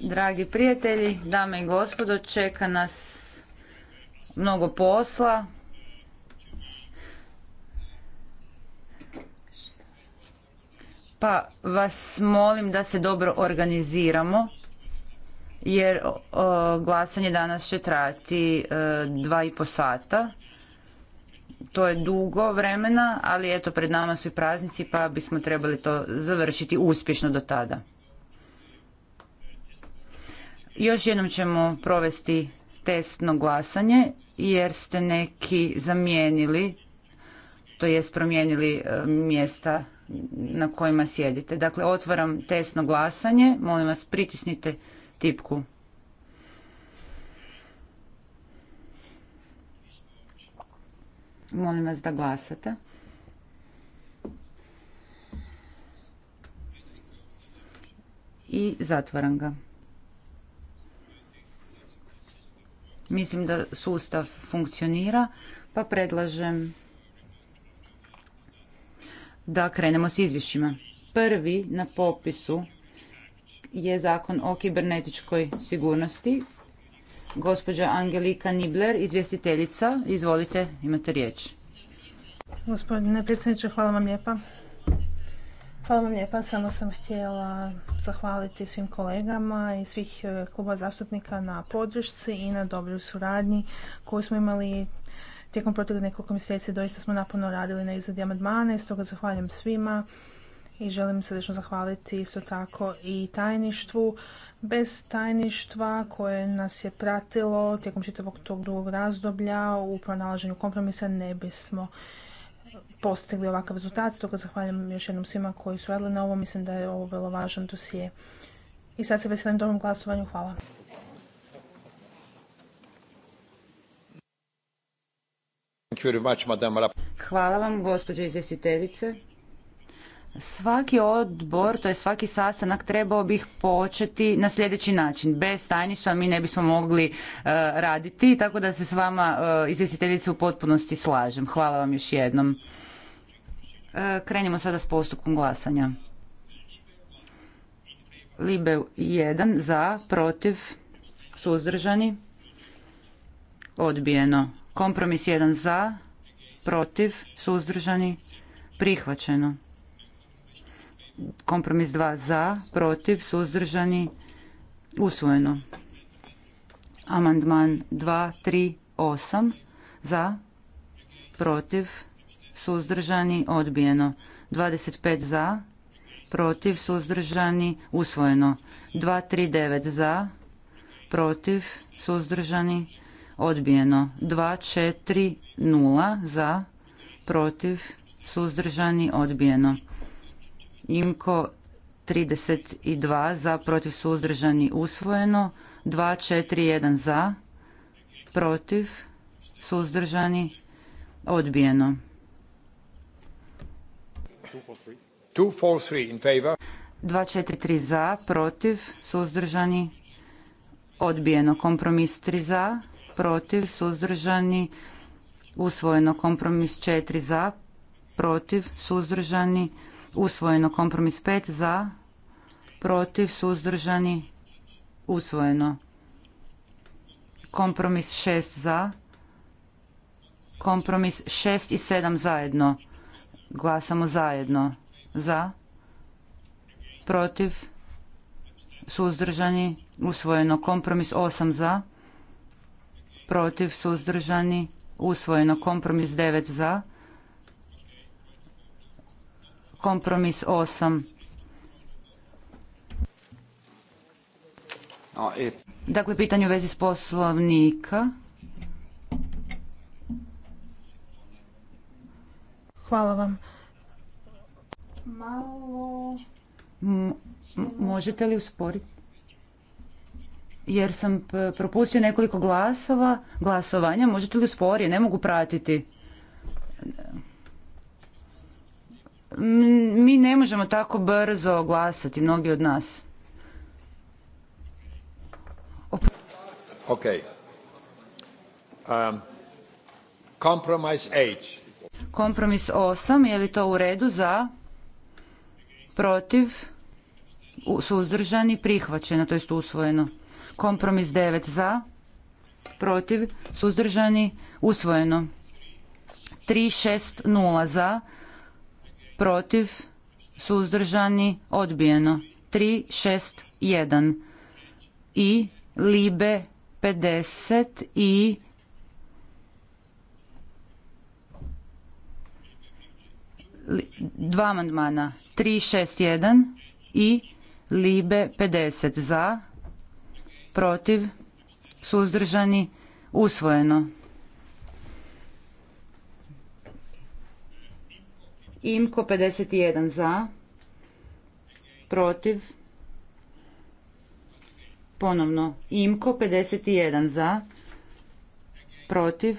Dragi prijatelji, dame i gospodo, čeka nas mnogo posla. Pa vas molim da se dobro organiziramo jer glasanje danas će trajati e, dva i po sata. To je dugo vremena, ali eto pred nama su i praznici pa bismo trebali to završiti uspješno do tada. Još jednom ćemo provesti testno glasanje jer ste neki zamijenili, to jest promijenili e, mjesta na kojima sjedite. Dakle, otvaram testno glasanje. Molim vas, pritisnite tipku. Molim vas da glasate. I zatvaram ga. Mislim da sustav funkcionira, pa predlažem da krenemo s izvješćima. Prvi na popisu je zakon o kibernetičkoj sigurnosti. Gospođa Angelika Nibler, izvjestiteljica, izvolite, imate riječ. Gospodine predsjedniče, hvala vam lijepa. Hvala vam lijepa. Samo sam htjela zahvaliti svim kolegama i svih e, kluba zastupnika na podršci i na dobroj suradnji koju smo imali tijekom proteklih nekoliko mjeseci. Doista smo napuno radili na izradi amandmana, stoga zahvaljam svima i želim srdečno zahvaliti isto tako i tajništvu. Bez tajništva koje nas je pratilo tijekom čitavog tog dugog razdoblja u pronalaženju kompromisa ne bismo postigli ovakav rezultat, stoga zahvaljujem još jednom svima koji su radili na ovo. Mislim da je ovo vrlo važan dosije. I sad se veselim dobrom glasovanju. Hvala. Hvala vam, gospođo izvjestiteljice. Svaki odbor, to je svaki sastanak, trebao bih početi na sljedeći način. Bez tajništva mi ne bismo mogli e, raditi, tako da se s vama e, izvjestiteljice u potpunosti slažem. Hvala vam još jednom. E, krenimo sada s postupkom glasanja. Libe 1 za, protiv, suzdržani, odbijeno. Kompromis 1 za, protiv, suzdržani, prihvaćeno. Kompromis 2 za, protiv, suzdržani, usvojeno. Amandman 2, 3, 8 za, protiv, suzdržani, odbijeno. 25 za, protiv, suzdržani, usvojeno. 239 za, protiv, suzdržani, odbijeno. 240 za, protiv, suzdržani, odbijeno. Imko 32 za, protiv, suzdržani, usvojeno. 241 za, protiv, suzdržani, odbijeno. 243 in favor. 243 za, protiv, suzdržani, odbijeno. Kompromis 3 za, protiv, suzdržani, usvojeno. Kompromis 4 za, protiv, suzdržani, usvojeno. Kompromis 5 za, protiv, suzdržani, usvojeno. Kompromis 6 za, kompromis 6 i 7 zajedno. Glasamo zajedno. Za, protiv, suzdržani, usvojeno. Kompromis 8 za, protiv, suzdržani, usvojeno. Kompromis 9 za, kompromis 8. E. Dakle, pitanje u vezi s poslovnika. Hvala vam. Malo... možete li usporiti? Jer sam propustio nekoliko glasova, glasovanja. Možete li usporiti? Ne mogu pratiti. Mi ne možemo tako brzo glasati, mnogi od nas. Ok. Um, compromise Kompromis 8, je li to u redu za? Protiv? Suzdržani? Prihvaćeno, to jest usvojeno. Kompromis 9 za? Protiv? Suzdržani? Usvojeno. 360 za? Protiv? Suzdržani? Odbijeno. 361 i Libe 50 i dva amandmana 361 i Libe 50 za, protiv, suzdržani, usvojeno. Imko 51 za, protiv, ponovno, Imko 51 za, protiv,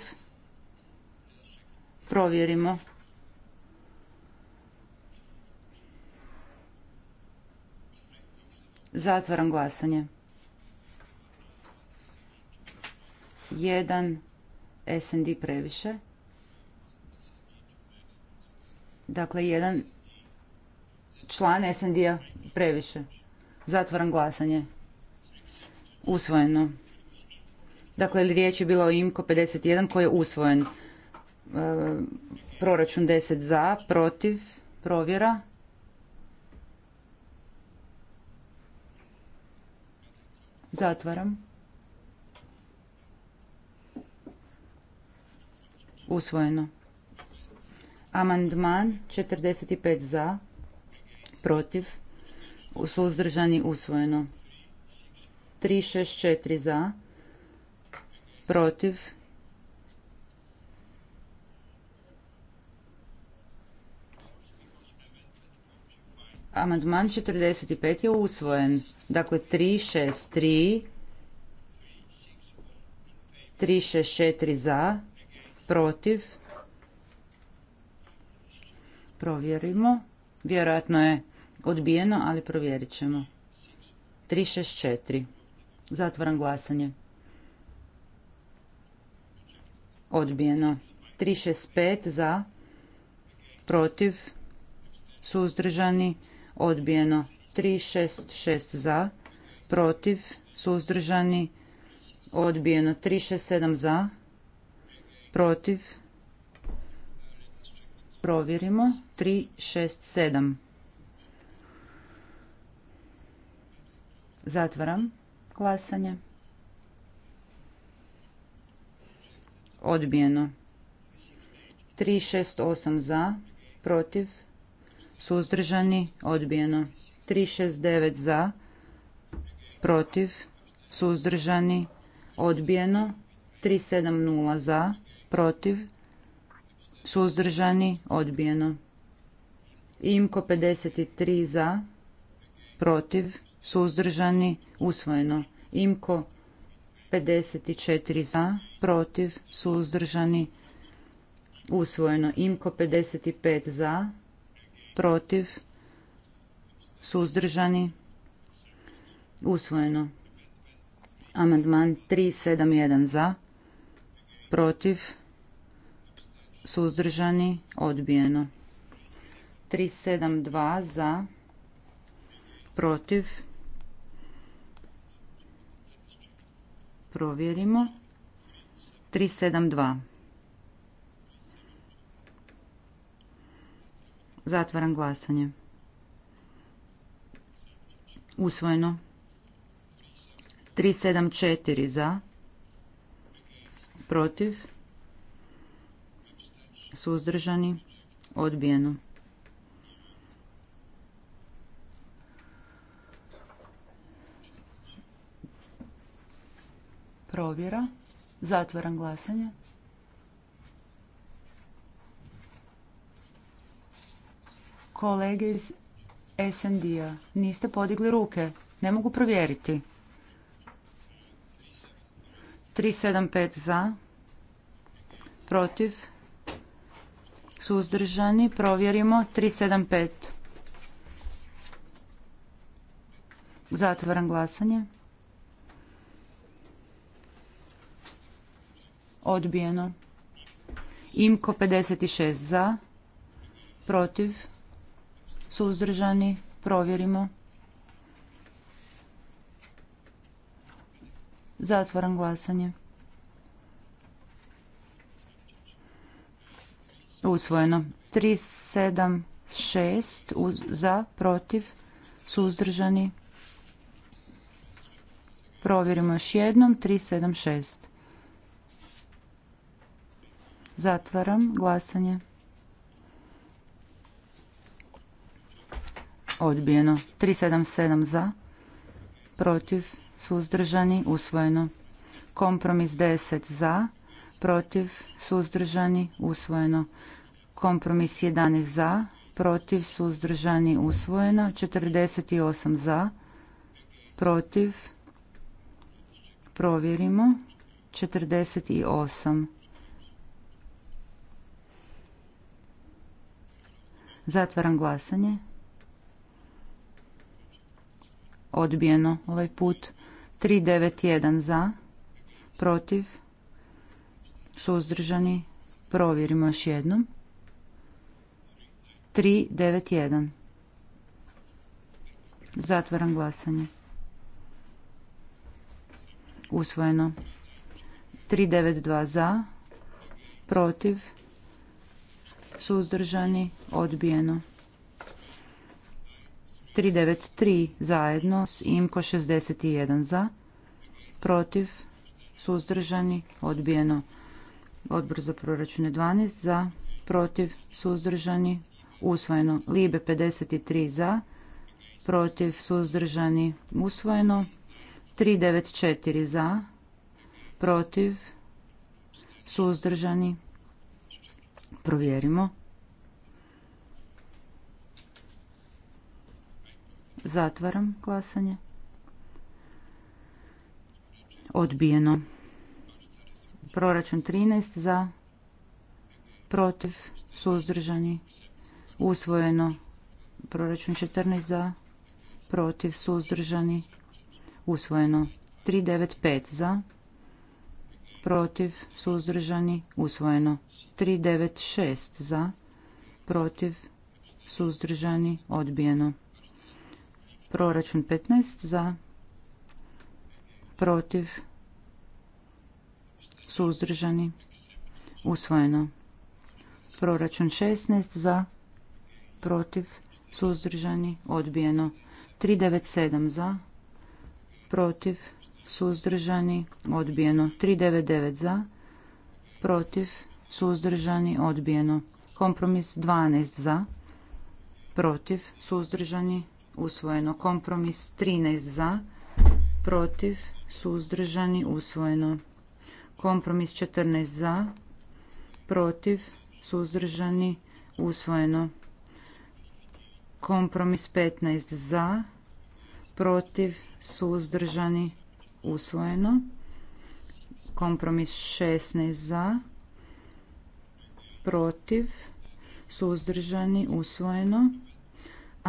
provjerimo. Zatvaram glasanje. Jedan SND previše. Dakle, jedan član SND-a previše. Zatvaram glasanje. Usvojeno. Dakle, riječ je bila o IMKO 51 koji je usvojen. E, proračun 10 za, protiv, provjera. Zatvaram. Usvojeno. Amandman 45 za, protiv, suzdržani usvojeno. 364 za, protiv, Amandman 45 je usvojen. Dakle, 363, 364 za, protiv. Provjerimo. Vjerojatno je odbijeno, ali provjerit ćemo. 364. Zatvaram glasanje. Odbijeno. 365 za, protiv, suzdržani, odbijeno. 366 za, protiv, suzdržani, odbijeno 367 za, protiv, provjerimo 367. Zatvaram glasanje. Odbijeno. 368 za, protiv, suzdržani, odbijeno. 369 za, protiv, suzdržani, odbijeno, 370 za, protiv, suzdržani, odbijeno. Imko 53 za, protiv, suzdržani, usvojeno. Imko 54 za, protiv, suzdržani, usvojeno. Imko 55 za, protiv, suzdržani, usvojeno. Amandman 371 za, protiv, suzdržani, odbijeno. 372 za, protiv, provjerimo, 372. Zatvaram glasanje. Usvojeno. 374 za. Protiv. Suzdržani. Odbijeno. Provjera. Zatvaram glasanje. Kolege iz snd Niste podigli ruke. Ne mogu provjeriti. 375 za. Protiv. Suzdržani. Provjerimo. 375. Zatvaram glasanje. Odbijeno. Imko 56 za. Protiv suzdržani, provjerimo. Zatvaram glasanje. Usvojeno. 376 za, protiv, suzdržani. Provjerimo još jednom. 376. Zatvaram glasanje. odbijeno. 377 za, protiv, suzdržani, usvojeno. Kompromis 10 za, protiv, suzdržani, usvojeno. Kompromis 11 za, protiv, suzdržani, usvojeno. 48 za, protiv, provjerimo. 48 Zatvaram glasanje. odbijeno ovaj put. 391 za, protiv, suzdržani, provjerimo još jednom. 391. Zatvaram glasanje. Usvojeno. 392 za, protiv, suzdržani, odbijeno. 393 zajedno s IMKO 61 za, protiv, suzdržani, odbijeno. Odbor za proračune 12 za, protiv, suzdržani, usvojeno. Libe 53 za, protiv, suzdržani, usvojeno. 394 za, protiv, suzdržani, provjerimo. Zatvaram glasanje. Odbijeno. Proračun 13 za, protiv, suzdržani, usvojeno. Proračun 14 za, protiv, suzdržani, usvojeno. 395 za, protiv, suzdržani, usvojeno. 396 za, protiv, suzdržani, odbijeno. Proračun 15 za, protiv, suzdržani, usvojeno. Proračun 16 za, protiv, suzdržani, odbijeno. 397 za, protiv, suzdržani, odbijeno. 399 za, protiv, suzdržani, odbijeno. Kompromis 12 za, protiv, suzdržani, usvojeno. Kompromis 13 za, protiv, suzdržani, usvojeno. Kompromis 14 za, protiv, suzdržani, usvojeno. Kompromis 15 za, protiv, suzdržani, usvojeno. Kompromis 16 za, protiv, suzdržani, usvojeno.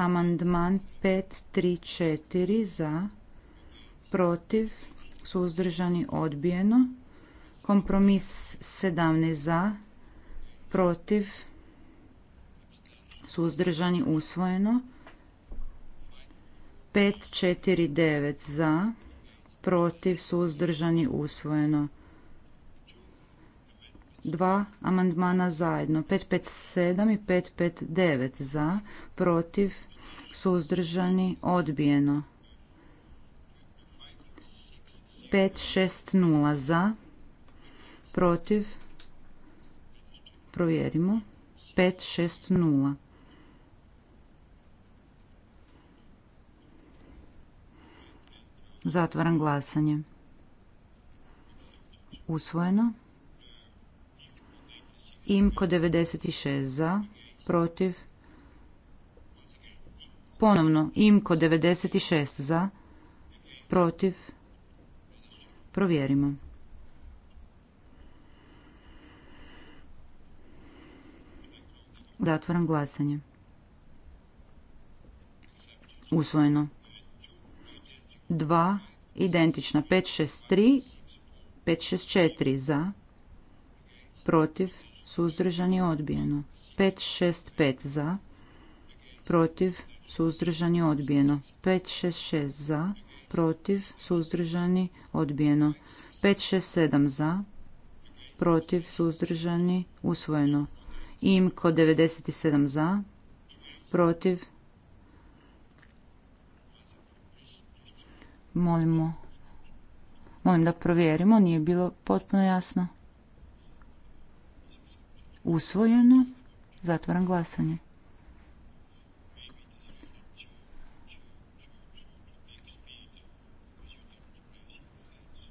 Amandman 534 za, protiv, suzdržani, odbijeno. Kompromis 17 za, protiv, suzdržani, usvojeno. 549 za, protiv, suzdržani, usvojeno. Dva amandmana zajedno, 557 i 559 za, protiv, suzdržani, odbijeno. 560 za, protiv, provjerimo, 560. Zatvaram glasanje. Usvojeno. Imko 96 za, protiv, Ponovno, imko 96 za, protiv, provjerimo. Zatvoram glasanje. Usvojeno. 2, identična, 563, 564 za, protiv, suzdržani, odbijeno. 565 za, protiv, suzdržani, odbijeno. 566 za, protiv, suzdržani, odbijeno. 567 za, protiv, suzdržani, usvojeno. Imko 97 za, protiv. Molimo, molim da provjerimo, nije bilo potpuno jasno. Usvojeno, Zatvaram glasanje.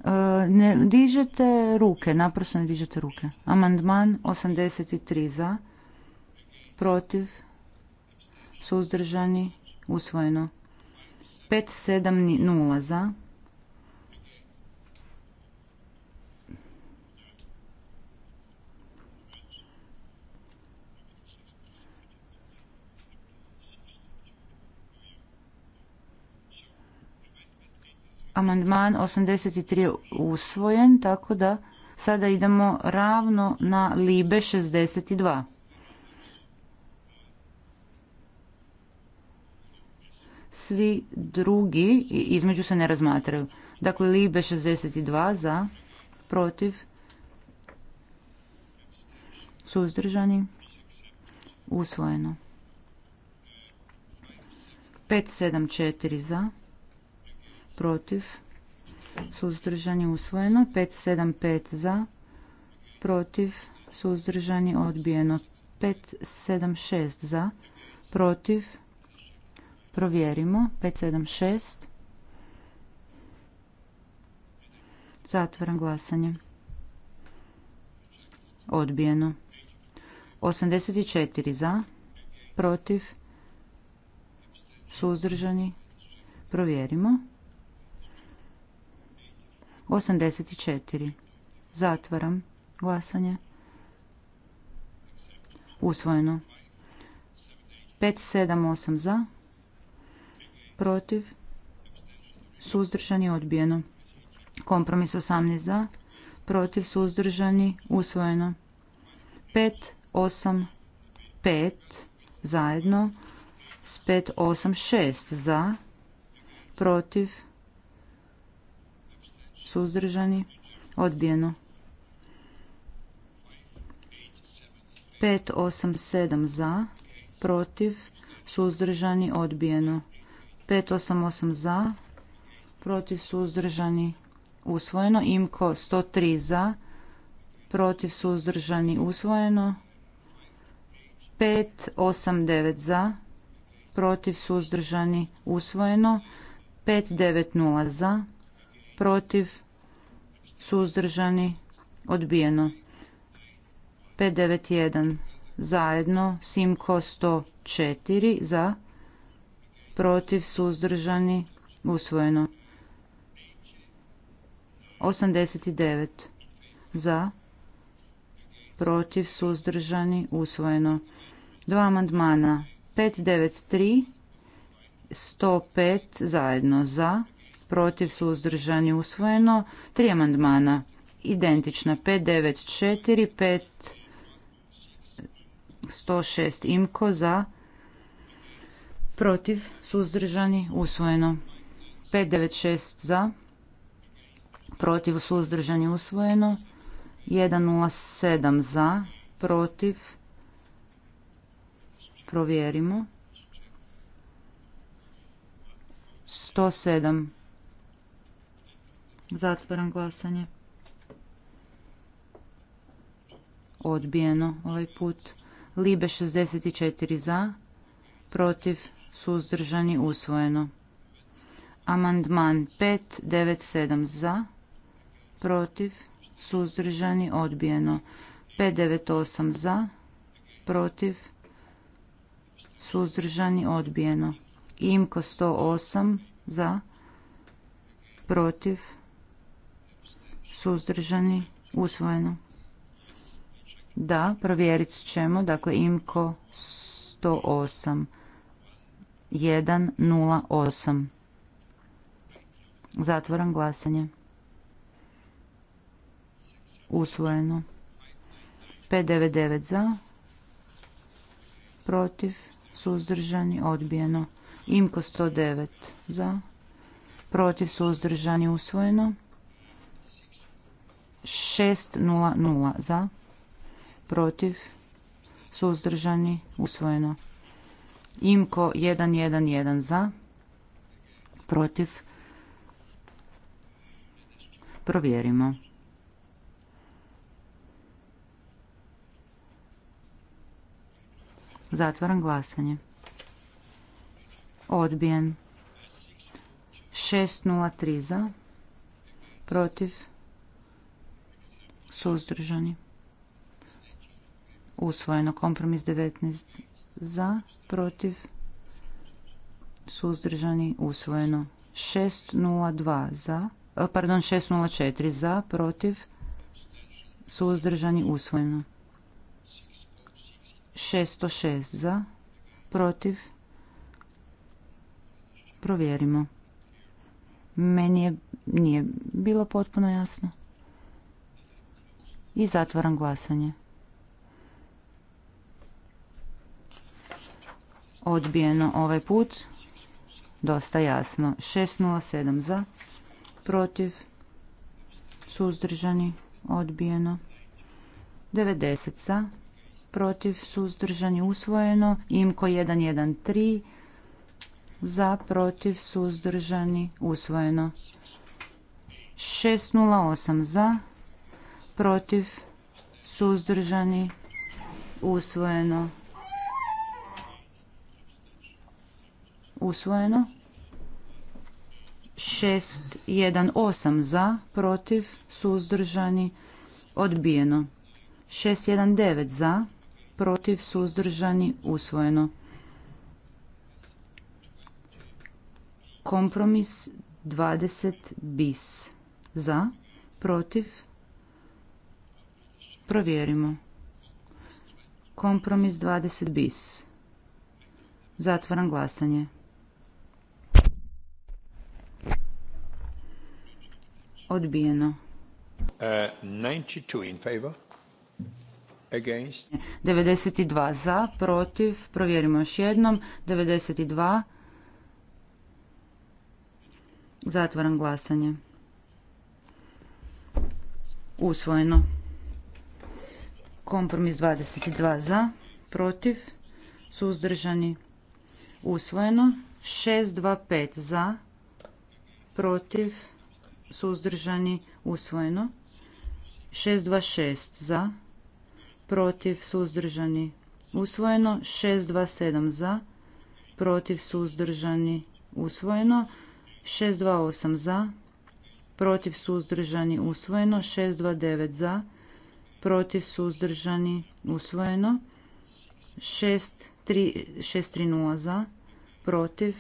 E, ne dižete ruke, naprosto ne dižete ruke. Amandman 83 za, protiv, suzdržani, usvojeno. 570 za, amandman 83 usvojen, tako da sada idemo ravno na Libe 62. Svi drugi između se ne razmatraju. Dakle, Libe 62 za, protiv, suzdržani, usvojeno. 574 za, protiv, suzdržani usvojeno, 575 za, protiv, suzdržani odbijeno, 576 za, protiv, provjerimo, 576, zatvoram glasanje, odbijeno, 84 za, protiv, suzdržani, provjerimo. 84. Zatvaram glasanje. Usvojeno. 578 za. Protiv. Suzdržani odbijeno. Kompromis 18 za. Protiv suzdržani usvojeno. 585 zajedno s 586 za. Protiv suzdržani, odbijeno. 587 za, protiv, suzdržani, odbijeno. 588 za, protiv, suzdržani, usvojeno. Imko 103 za, protiv, suzdržani, usvojeno. 589 za, protiv, suzdržani, usvojeno. 590 za, protiv, suzdržani, odbijeno. 591 zajedno, Simko 104 za, protiv, suzdržani, usvojeno. 89 za, protiv, suzdržani, usvojeno. Dva amandmana 593 105 zajedno za, protiv, suzdržani, usvojeno. Tri amandmana identična 594, 106 imko za, protiv, suzdržani, usvojeno. 596 za, protiv, suzdržani, usvojeno. 107 za, protiv, provjerimo. 107 Zatvaram glasanje. Odbijeno ovaj put. Libe 64 za, protiv, suzdržani, usvojeno. Amandman 597 za, protiv, suzdržani, odbijeno. 598 za, protiv, suzdržani, odbijeno. Imko 108 za, protiv, suzdržani, usvojeno. Da, provjerit ćemo, dakle imko 108, 108. Zatvoram glasanje. Usvojeno. 599 za, protiv, suzdržani, odbijeno. Imko 109 za, protiv, suzdržani, usvojeno. 600 za, protiv, suzdržani, usvojeno. Imko 111 za, protiv, provjerimo. Zatvaram glasanje. Odbijen. 603 za, protiv, suzdržani usvojeno kompromis 19 za protiv suzdržani usvojeno 602 za eh, pardon 604 za protiv suzdržani usvojeno 606 za protiv provjerimo meni je nije bilo potpuno jasno i zatvaram glasanje. Odbijeno ovaj put. Dosta jasno. 607 za, protiv, suzdržani, odbijeno. 90 za, protiv, suzdržani, usvojeno. Imko 113 za, protiv, suzdržani, usvojeno. 608 za, protiv, suzdržani, usvojeno. Usvojeno. 618 za, protiv, suzdržani, odbijeno. 619 za, protiv, suzdržani, usvojeno. Kompromis 20 bis za, protiv, Provjerimo. Kompromis 20 bis. Zatvaram glasanje. Odbijeno. 92 uh, in favor. za, protiv, provjerimo još jednom, 92, zatvaram glasanje. Usvojeno. Kompromis 22 za, protiv, suzdržani, usvojeno. 625 za, protiv, suzdržani, usvojeno. 626 za, protiv, suzdržani, usvojeno. 627 za, protiv, suzdržani, usvojeno. 628 za, protiv, suzdržani, usvojeno. 629 za, protiv suzdržani usvojeno 0 za protiv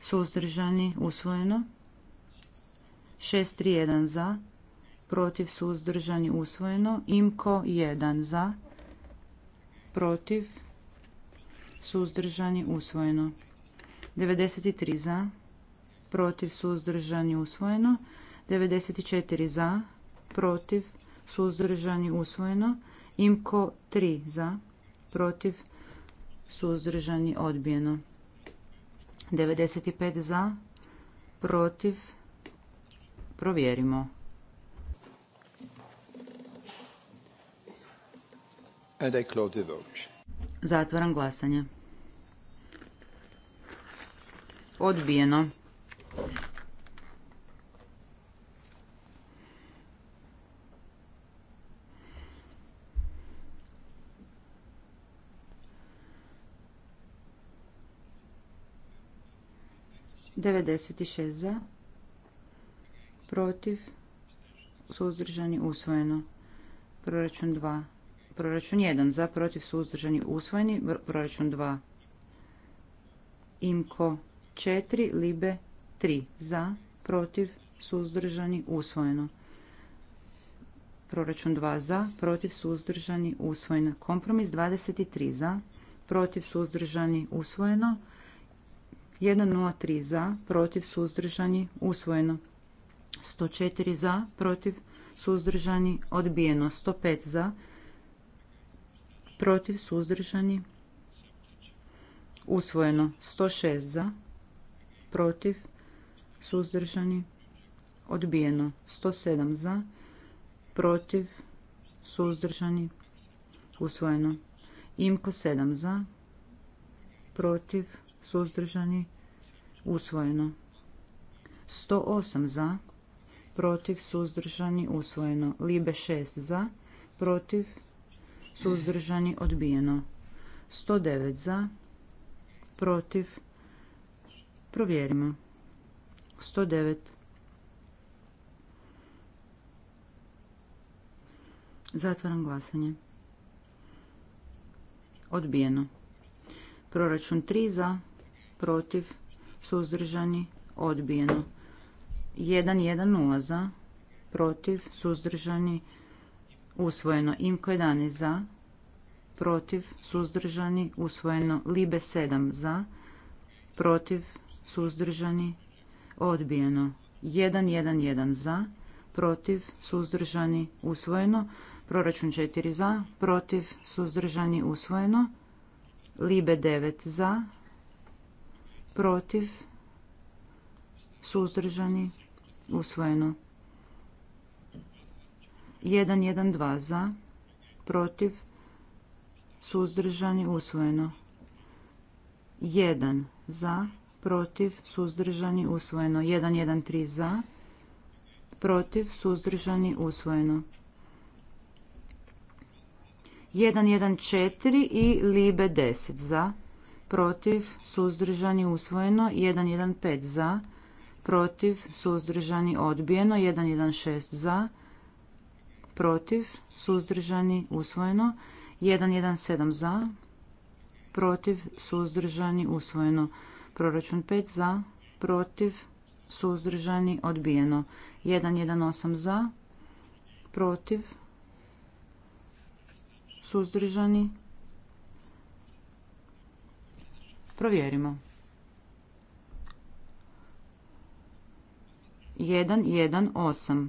suzdržani usvojeno 1 za protiv suzdržani usvojeno imko 1 za protiv suzdržani usvojeno 93 za protiv suzdržani usvojeno 94 za protiv suzdržani, usvojeno. Imko 3 za, protiv, suzdržani, odbijeno. 95 za, protiv, provjerimo. And Zatvaram glasanje. Odbijeno. 96 za, protiv, suzdržani, usvojeno. Proračun 2. Proračun 1 za, protiv, suzdržani, usvojeni. Proračun 2. Imko 4, Libe 3 za, protiv, suzdržani, usvojeno. Proračun 2 za, protiv, suzdržani, usvojeno. Kompromis 23 za, protiv, suzdržani, usvojeno. 103 za, protiv, suzdržani, usvojeno. 104 za, protiv, suzdržani, odbijeno. 105 za, protiv, suzdržani, usvojeno. 106 za, protiv, suzdržani, odbijeno. 107 za, protiv, suzdržani, usvojeno. Imko 7 za, protiv, suzdržani, usvojeno. 108 za, protiv, suzdržani, usvojeno. Libe 6 za, protiv, suzdržani, odbijeno. 109 za, protiv, provjerimo. 109. Zatvaram glasanje. Odbijeno. Proračun 3 za, protiv, suzdržani, odbijeno. 1 110 za, protiv, suzdržani, usvojeno. Imko 11 za, protiv, suzdržani, usvojeno. Libe 7 za, protiv, suzdržani, odbijeno. 1, 1 za, protiv, suzdržani, usvojeno. Proračun 4 za, protiv, suzdržani, usvojeno. Libe 9 za, protiv, suzdržani, usvojeno. 112 za, protiv, suzdržani, usvojeno. 1 za, protiv, suzdržani, usvojeno. 113 za, protiv, suzdržani, usvojeno. 114 i Libe 10 za, protiv, suzdržani, usvojeno, 115 za, protiv, suzdržani, odbijeno, 116 za, protiv, suzdržani, usvojeno, 117 za, protiv, suzdržani, usvojeno, proračun 5 za, protiv, suzdržani, odbijeno, 118 za, protiv, suzdržani, Provjerimo. 118.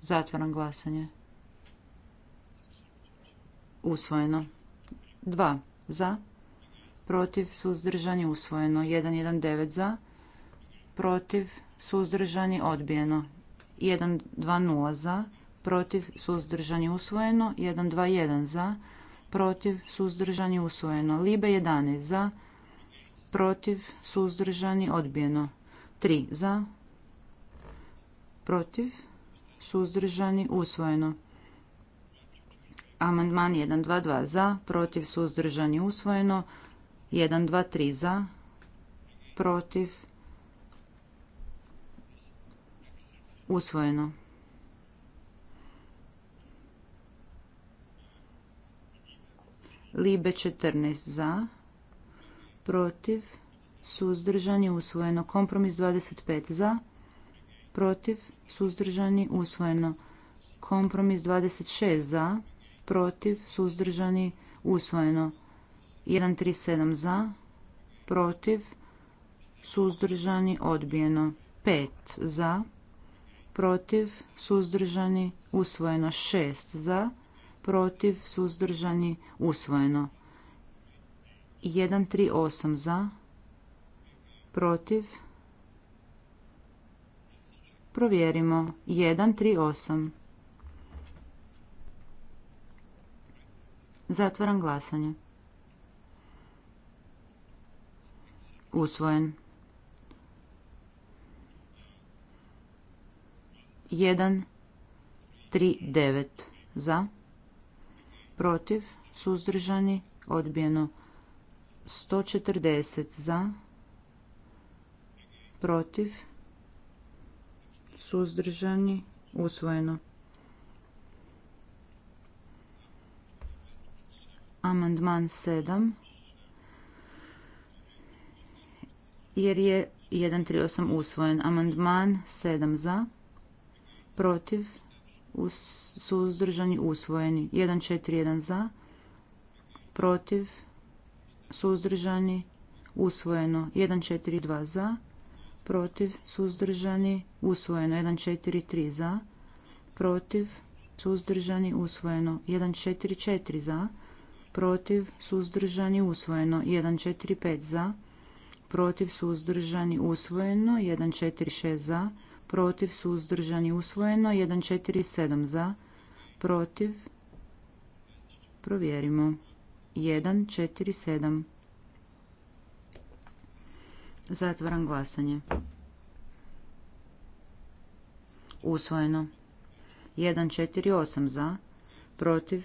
Zatvaram glasanje. Usvojeno. 2 za. Protiv suzdržani usvojeno. 119 za. Protiv suzdržani odbijeno. 120 za. Protiv suzdržani usvojeno. 121 za protiv, suzdržani, usvojeno. Libe 11 za, protiv, suzdržani, odbijeno. 3 za, protiv, suzdržani, usvojeno. Amandman 122 za, protiv, suzdržani, usvojeno. 123 za, protiv, usvojeno. Libe 14 za, protiv, suzdržani, usvojeno. Kompromis 25 za, protiv, suzdržani, usvojeno. Kompromis 26 za, protiv, suzdržani, usvojeno. 137 za, protiv, suzdržani, odbijeno. 5 za, protiv, suzdržani, usvojeno. 6 za, protiv, suzdržani, usvojeno. 138 za, protiv, provjerimo, 138. Zatvaram glasanje. Usvojen. 1, 3, 9 za, protiv, suzdržani, odbijeno. 140 za, protiv, suzdržani, usvojeno. Amandman 7, jer je 138 usvojen. Amandman 7 za, protiv, suzdržani, usvojeni. 141 za, protiv, suzdržani, usvojeno. 2 za, protiv, suzdržani, usvojeno. 143 za, protiv, suzdržani, usvojeno. 4 za, protiv, suzdržani, usvojeno. 5 za, protiv, suzdržani, usvojeno. 146 za, protiv, su i usvojeno. 1, 4, 7 za, protiv, provjerimo. 1, 4, 7. Zatvoram glasanje. Usvojeno. 1, 4, 8 za, protiv,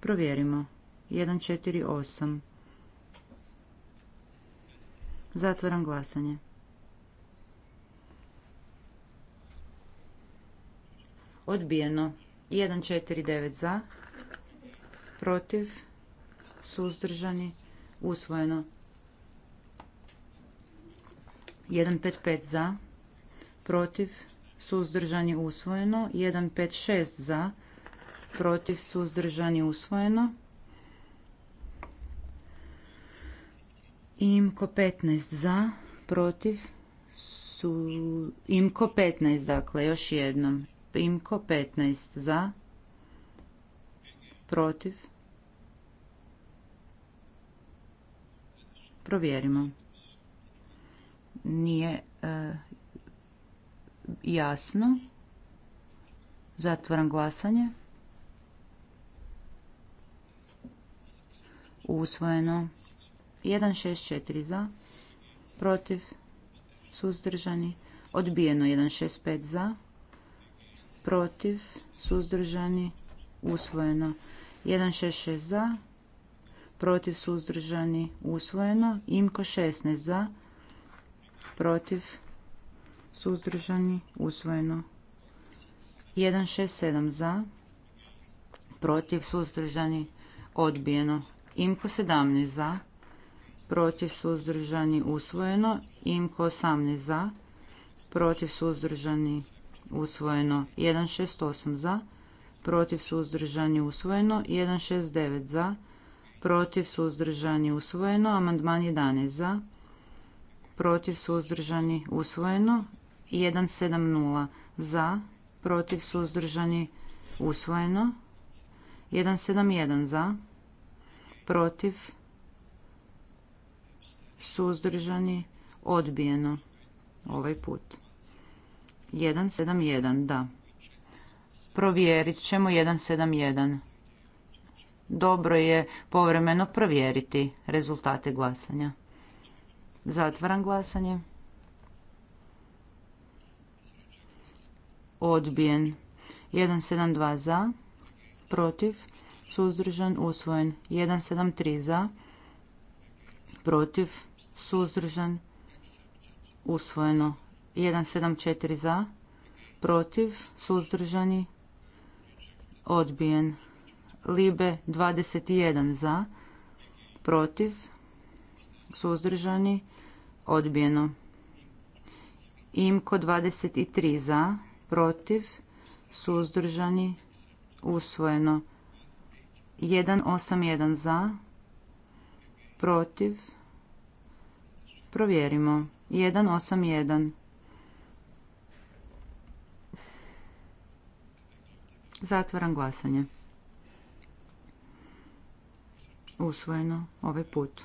provjerimo. 1, 4, 8. Zatvoram glasanje. odbijeno. 149 za, protiv, suzdržani, usvojeno. 155 za, protiv, suzdržani, usvojeno. 156 za, protiv, suzdržani, usvojeno. Imko 15 za, protiv, su... Imko 15, dakle, još jednom. Pimko 15 za, protiv. Provjerimo. Nije e, jasno. Zatvoram glasanje. Usvojeno. 164 za, protiv, suzdržani. Odbijeno 165 za, protiv, suzdržani, usvojeno. 166 za, protiv, suzdržani, usvojeno. Imko 16 za, protiv, suzdržani, usvojeno. 167 za, protiv, suzdržani, odbijeno. Imko 17 za, protiv, suzdržani, usvojeno. Imko 18 za, protiv, suzdržani, usvojeno 168 za, protiv suzdržani usvojeno 169 za, protiv suzdržani usvojeno, amandman 11 za, protiv suzdržani usvojeno 170 za, protiv suzdržani usvojeno 171 za, protiv suzdržani odbijeno ovaj put. 171, da. Provjerit ćemo 171. Dobro je povremeno provjeriti rezultate glasanja. Zatvaram glasanje. Odbijen. 172 za, protiv, suzdržan, usvojen. 173 za, protiv, suzdržan, usvojeno. 174 za, protiv, suzdržani, odbijen. Libe 21 za, protiv, suzdržani, odbijeno. Imko 23 za, protiv, suzdržani, usvojeno. 181 za, protiv, provjerimo. 181. Zatvaram glasanje. Usvojeno ovaj put.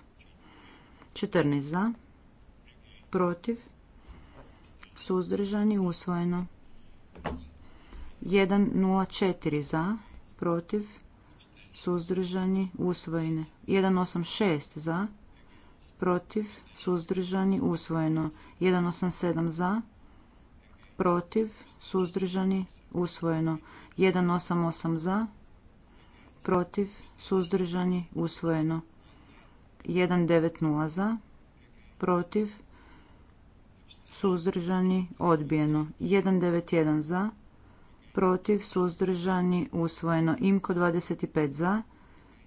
14 za, protiv, suzdržani, usvojeno. 1.04 za, protiv, suzdržani, usvojene. 1.86 za, protiv, suzdržani, usvojeno. 1.87 za, protiv, suzdržani, usvojeno. 188 za, protiv, suzdržani, usvojeno. 190 za, protiv, suzdržani, odbijeno. 191 za, protiv, suzdržani, usvojeno. Imko 25 za,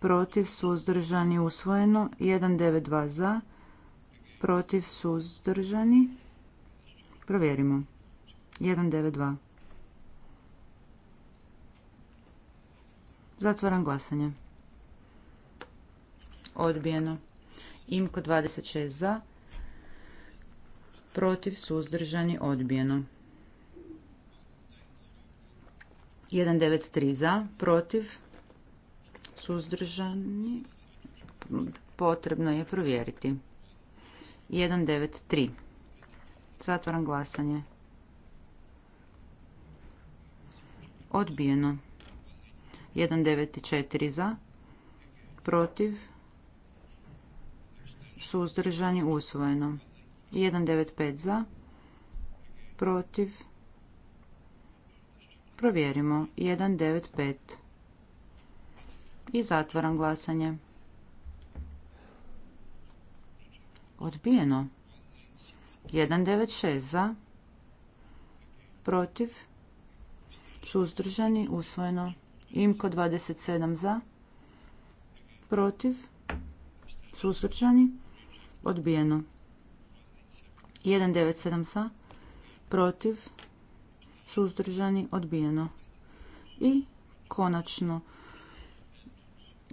protiv, suzdržani, usvojeno. 192 za, protiv, suzdržani, provjerimo. 192. Zatvaram glasanje. Odbijeno. Imko 26 za. Protiv suzdržani odbijeno. 193 za. Protiv suzdržani potrebno je provjeriti. 193. Zatvaram glasanje. Odbijeno. 194 za, protiv, suzdržani, usvojeno. 195 za, protiv, provjerimo. 195 i zatvaram glasanje. Odbijeno. 196 za, protiv, suzdržani, usvojeno. Imko 27 za. Protiv. Susrčani. Odbijeno. 197 za. Protiv. Suzdržani. Odbijeno. I konačno.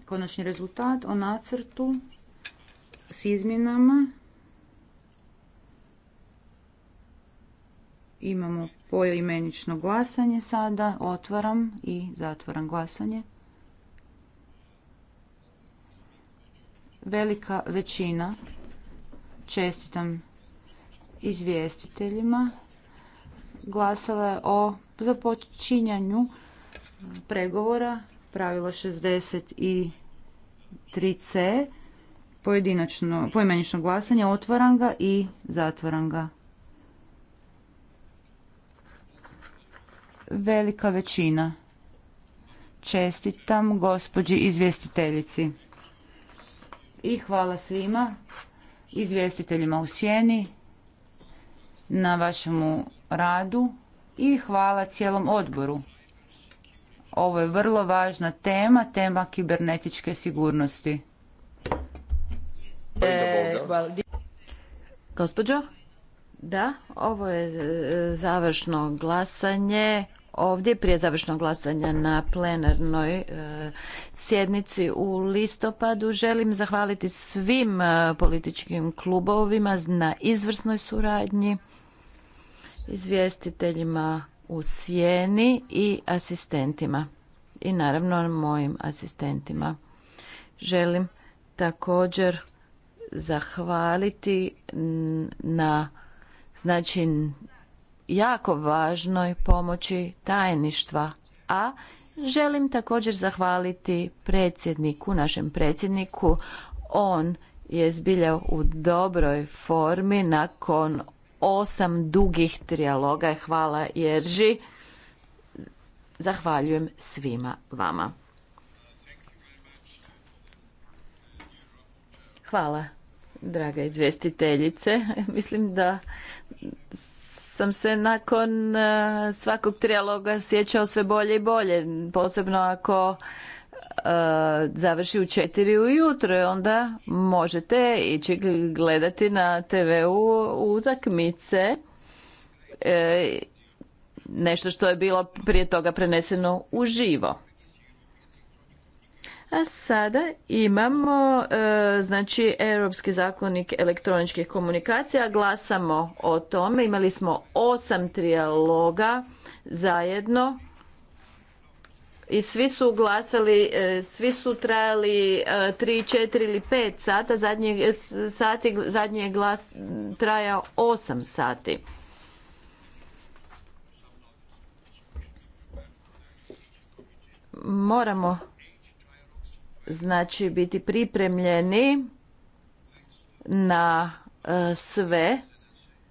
Konačni rezultat o nacrtu s izmjenama. Imamo poimenično glasanje sada. Otvaram i zatvaram glasanje. Velika većina. Čestitam izvjestiteljima. Glasala je o započinjanju pregovora pravilo 3 c pojedinačno, poimenično glasanje, otvaram ga i zatvaram ga. velika većina. Čestitam gospođi izvjestiteljici. I hvala svima izvjestiteljima u sjeni na vašemu radu i hvala cijelom odboru. Ovo je vrlo važna tema, tema kibernetičke sigurnosti. E, Gospođo, da, ovo je e, završno glasanje ovdje prije završnog glasanja na plenarnoj e, sjednici u listopadu. Želim zahvaliti svim e, političkim klubovima na izvrsnoj suradnji, izvjestiteljima u sjeni i asistentima i naravno mojim asistentima. Želim također zahvaliti na znači jako važnoj pomoći tajništva, a želim također zahvaliti predsjedniku, našem predsjedniku. On je zbilja u dobroj formi nakon osam dugih trijaloga. Hvala Jerži. Zahvaljujem svima vama. Hvala, draga izvjestiteljice. Mislim da sam se nakon eh, svakog trijaloga sjećao sve bolje i bolje, posebno ako eh, završi u četiri ujutro onda možete ići gledati na TV-u utakmice eh, nešto što je bilo prije toga preneseno živo. A sada imamo e, znači Europski zakonik elektroničkih komunikacija. Glasamo o tome. Imali smo osam trijaloga zajedno i svi su glasali, e, svi su trajali e, tri, četiri ili pet sata, zadnji, sati, zadnji je glas trajao osam sati. Moramo znači biti pripremljeni na e, sve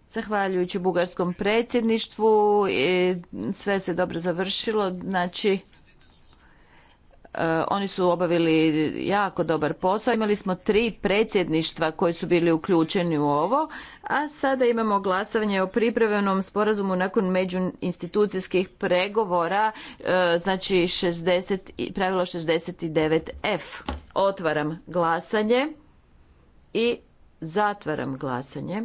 zahvaljujući bugarskom predsjedništvu i sve se dobro završilo znači Eh, oni su obavili jako dobar posao. Imali smo tri predsjedništva koji su bili uključeni u ovo, a sada imamo glasovanje o pripremenom sporazumu nakon međuinstitucijskih pregovora, eh, znači 60, pravilo 69F. Otvaram glasanje i zatvaram glasanje.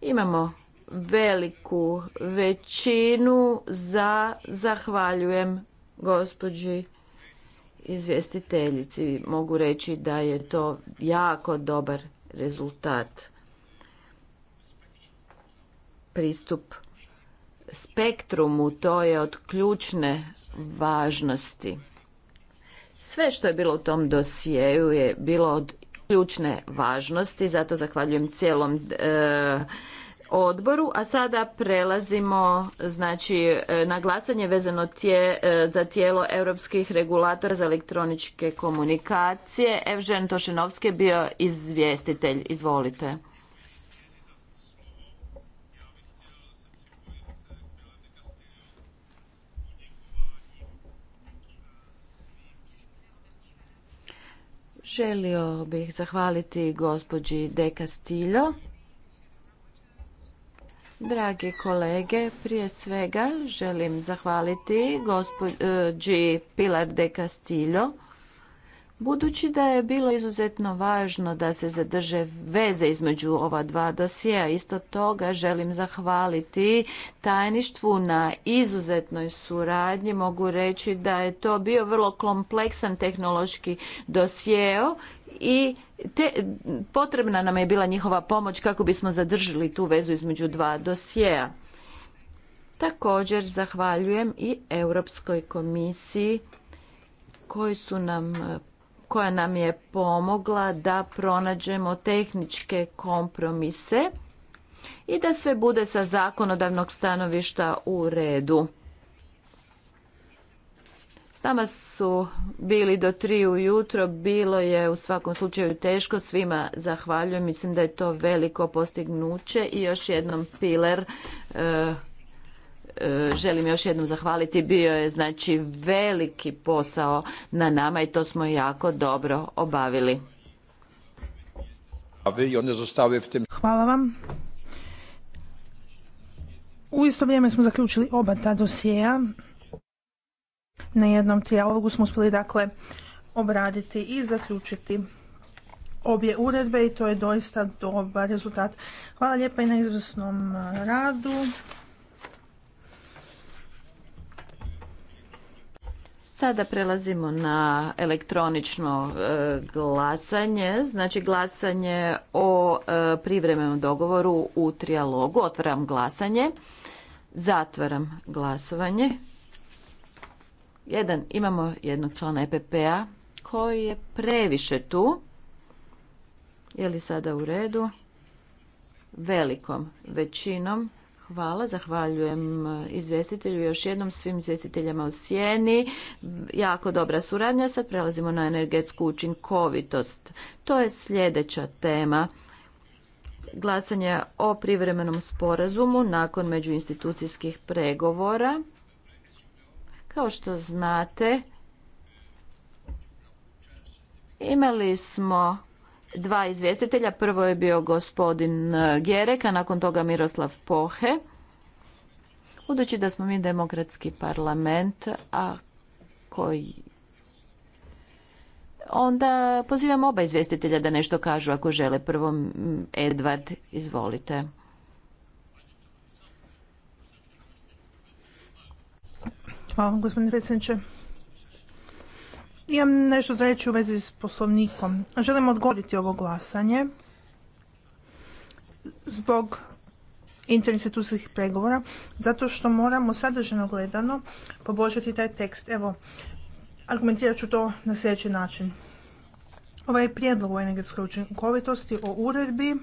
Imamo veliku većinu za zahvaljujem gospođi izvjestiteljici. Mogu reći da je to jako dobar rezultat. Pristup spektrumu to je od ključne važnosti. Sve što je bilo u tom dosijeju je bilo od ključne važnosti, zato zahvaljujem cijelom e, odboru, a sada prelazimo znači, e, na glasanje vezano e, za tijelo europskih regulatora za elektroničke komunikacije. Evžen Tošenovski je bio izvjestitelj. Izvolite. Želio bih zahvaliti gospođi De Castillo Dragi kolege, prije svega želim zahvaliti gospođi eh, Pilar de Castillo. Budući da je bilo izuzetno važno da se zadrže veze između ova dva dosjea. isto toga želim zahvaliti tajništvu na izuzetnoj suradnji. Mogu reći da je to bio vrlo kompleksan tehnološki dosjeo i te, potrebna nam je bila njihova pomoć kako bismo zadržali tu vezu između dva dosjeja. Također zahvaljujem i Europskoj komisiji koji su nam koja nam je pomogla da pronađemo tehničke kompromise i da sve bude sa zakonodavnog stanovišta u redu. S nama su bili do tri ujutro, bilo je u svakom slučaju teško, svima zahvaljujem, mislim da je to veliko postignuće i još jednom Piler, e, e, želim još jednom zahvaliti, bio je znači veliki posao na nama i to smo jako dobro obavili. Hvala vam. U isto vrijeme smo zaključili oba ta dosjeja. Na jednom trijalogu smo uspjeli dakle obraditi i zaključiti obje uredbe i to je doista dobar rezultat. Hvala lijepa i na izvrsnom radu. Sada prelazimo na elektronično e, glasanje, znači glasanje o e, privremenom dogovoru u trijalogu. Otvaram glasanje, zatvaram glasovanje. Jedan, imamo jednog člana EPP-a koji je previše tu. Je li sada u redu? Velikom većinom. Hvala, zahvaljujem izvjestitelju još jednom svim izvjestiteljama u Sjeni. Jako dobra suradnja. Sad prelazimo na energetsku učinkovitost. To je sljedeća tema glasanje o privremenom sporazumu nakon međuinstitucijskih pregovora. Kao što znate, imali smo dva izvjestitelja. Prvo je bio gospodin eh, Gjerek, a nakon toga Miroslav Pohe. Budući da smo mi demokratski parlament, a koji onda pozivam oba izvjestitelja da nešto kažu ako žele. Prvo, mm, Edvard, izvolite. Hvala gospodine predsjedniče. Imam nešto za reći u vezi s poslovnikom. Želim odgovoriti ovo glasanje zbog interinstitucijskih pregovora, zato što moramo sadrženo gledano poboljšati taj tekst. Evo, argumentirat ću to na sljedeći način. Ovaj prijedlog o energetskoj učinkovitosti, o uredbi,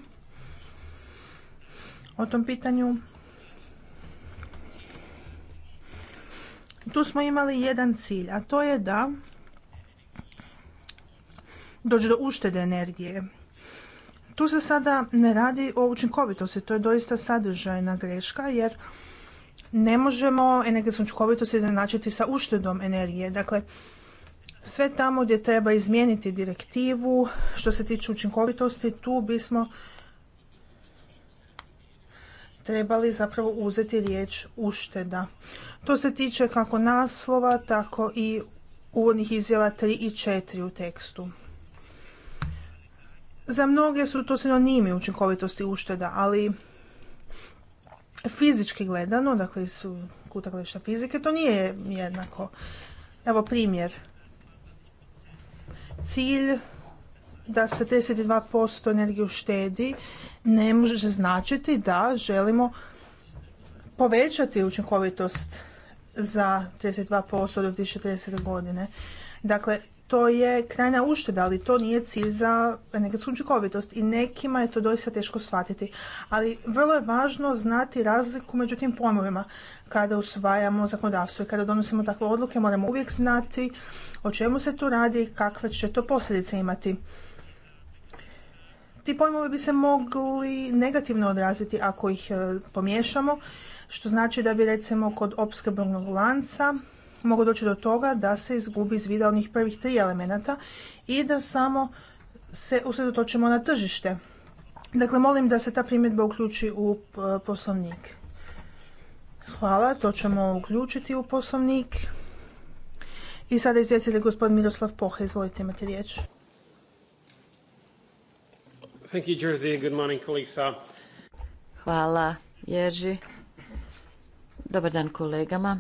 o tom pitanju Tu smo imali jedan cilj, a to je da dođe do uštede energije. Tu se sada ne radi o učinkovitosti, to je doista sadržajna greška jer ne možemo energetsku učinkovitost iznenačiti sa uštedom energije. Dakle, sve tamo gdje treba izmijeniti direktivu što se tiče učinkovitosti, tu bismo trebali zapravo uzeti riječ ušteda. To se tiče kako naslova, tako i uvodnih izjava 3 i 4 u tekstu. Za mnoge su to sinonimi učinkovitosti ušteda, ali fizički gledano, dakle su kuta fizike, to nije jednako. Evo primjer. Cilj da se 32% energije uštedi ne može značiti da želimo povećati učinkovitost za 32% do 2030. godine. Dakle, to je krajna ušteda, ali to nije cilj za energetsku učinkovitost i nekima je to doista teško shvatiti. Ali vrlo je važno znati razliku među tim pojmovima kada usvajamo zakonodavstvo i kada donosimo takve odluke moramo uvijek znati o čemu se tu radi i kakve će to posljedice imati. Ti pojmovi bi se mogli negativno odraziti ako ih e, pomiješamo što znači da bi recimo kod opskrbnog lanca moglo doći do toga da se izgubi iz vida onih prvih tri elemenata i da samo se usredotočimo na tržište. Dakle, molim da se ta primjedba uključi u e, poslovnik. Hvala, to ćemo uključiti u poslovnik. I sada izvjestitelj gospodin Miroslav Poha, izvolite imate riječ. Hvala, Jerži. Dobar dan kolegama.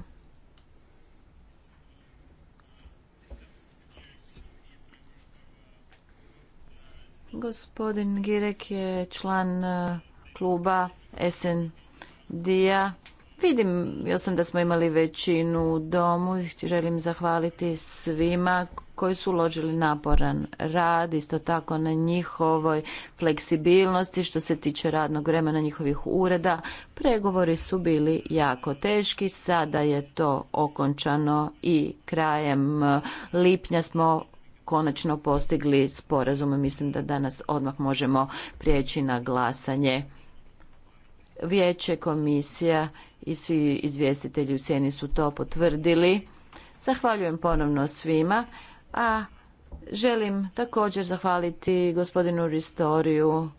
Gospodin Girek je član e, kluba SND-a. Vidim, ja sam da smo imali većinu u domu. Želim zahvaliti svima koji su uložili naporan rad, isto tako na njihovoj fleksibilnosti što se tiče radnog vremena njihovih ureda. Pregovori su bili jako teški, sada je to okončano i krajem eh, lipnja smo konačno postigli sporazum. Mislim da danas odmah možemo prijeći na glasanje. Vijeće, komisija i svi izvjestitelji u sjeni su to potvrdili. Zahvaljujem ponovno svima. A želim također zahvaliti gospodinu Ristoriju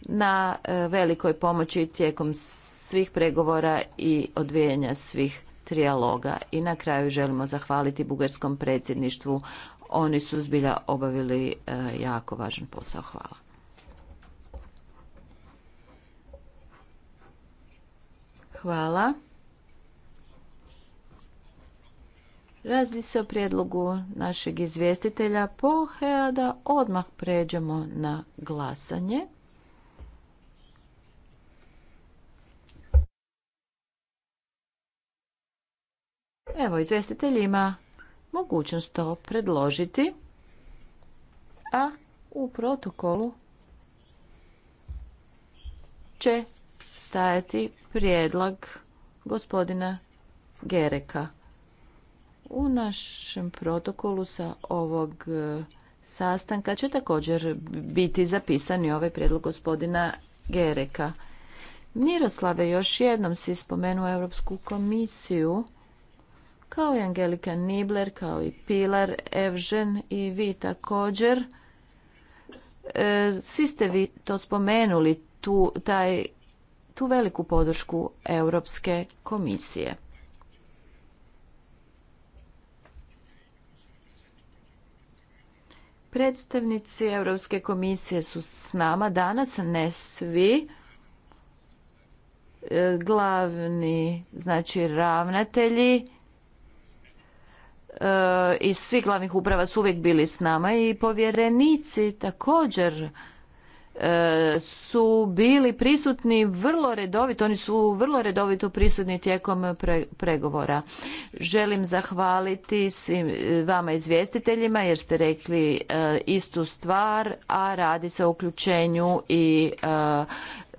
na e, velikoj pomoći tijekom svih pregovora i odvijenja svih trijaloga. I na kraju želimo zahvaliti bugarskom predsjedništvu. Oni su zbilja obavili e, jako važan posao. Hvala. Hvala. Razli se o prijedlogu našeg izvjestitelja Pohea da odmah pređemo na glasanje. Evo, izvjestitelj ima mogućnost to predložiti, a u protokolu će stajati prijedlog gospodina Gereka. U našem protokolu sa ovog e, sastanka će također biti zapisani ovaj prijedlog gospodina Gereka. Miroslave, još jednom si spomenuo Europsku komisiju, kao i Angelika Nibler, kao i Pilar Evžen i vi također. E, svi ste vi to spomenuli, tu, taj, tu veliku podršku Europske komisije. Predstavnici Europske komisije su s nama danas, ne svi. E, glavni, znači ravnatelji e, iz svih glavnih uprava su uvijek bili s nama i povjerenici također E, su bili prisutni vrlo redovito, oni su vrlo redovito prisutni tijekom pregovora. Želim zahvaliti svim e, vama izvjestiteljima jer ste rekli e, istu stvar, a radi se o uključenju i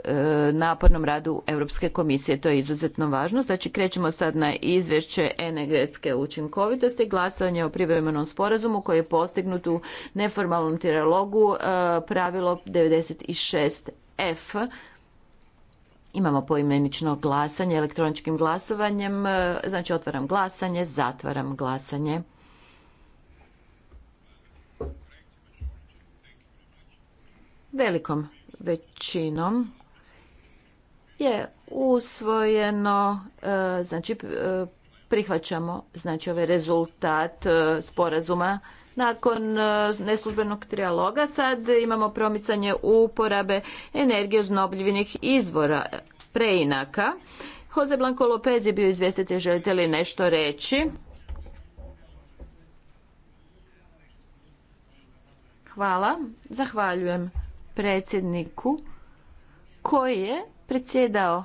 E, napornom radu Europske komisije. To je izuzetno važno. Znači, krećemo sad na izvješće energetske učinkovitosti, glasovanje o privremenom sporazumu koji je postignut u neformalnom tiralogu e, pravilo 96F. Imamo poimenično glasanje elektroničkim glasovanjem. E, znači, otvaram glasanje, zatvaram glasanje. Velikom većinom je usvojeno, e, znači e, prihvaćamo znači ovaj rezultat e, sporazuma nakon neslužbenog trialoga sad imamo promicanje uporabe energije obnovljivih izvora preinaka. Jose Blanco Lopez je bio izvjestitelj, želite li nešto reći? Hvala, zahvaljujem predsjedniku koji je predsjedao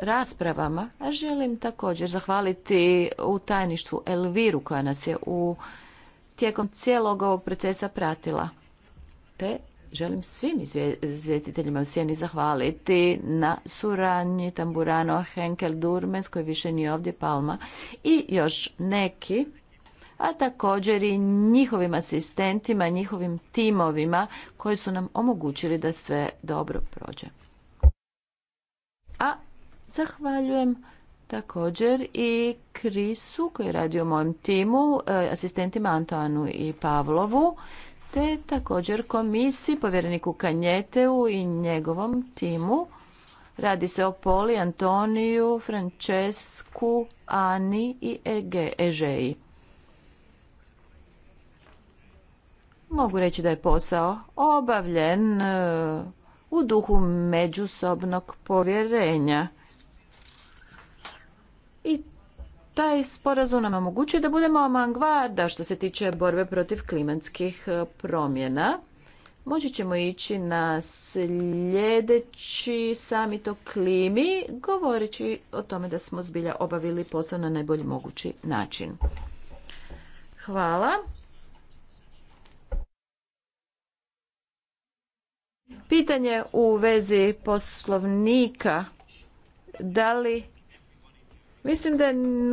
raspravama, a želim također zahvaliti u tajništvu Elviru koja nas je u tijekom cijelog ovog procesa pratila. Te želim svim izvjetiteljima u Sjeni zahvaliti na suradnji Tamburano, Henkel, Durmes koji više nije ovdje Palma i još neki a također i njihovim asistentima, njihovim timovima koji su nam omogućili da sve dobro prođe. A zahvaljujem također i Krisu koji radi u mojem timu, e, asistentima Antoanu i Pavlovu, te također komisiji, povjereniku Kanjeteu i njegovom timu. Radi se o Poli, Antoniju, Francesku, Ani i Ege, Ežeji. Mogu reći da je posao obavljen e, u duhu međusobnog povjerenja. I taj sporazum nam omogućuje da budemo amangvarda što se tiče borbe protiv klimatskih e, promjena. Moći ćemo ići na sljedeći samit o klimi, govoreći o tome da smo zbilja obavili posao na najbolji mogući način. Hvala. Pitanje u vezi poslovnika, da li Mislim da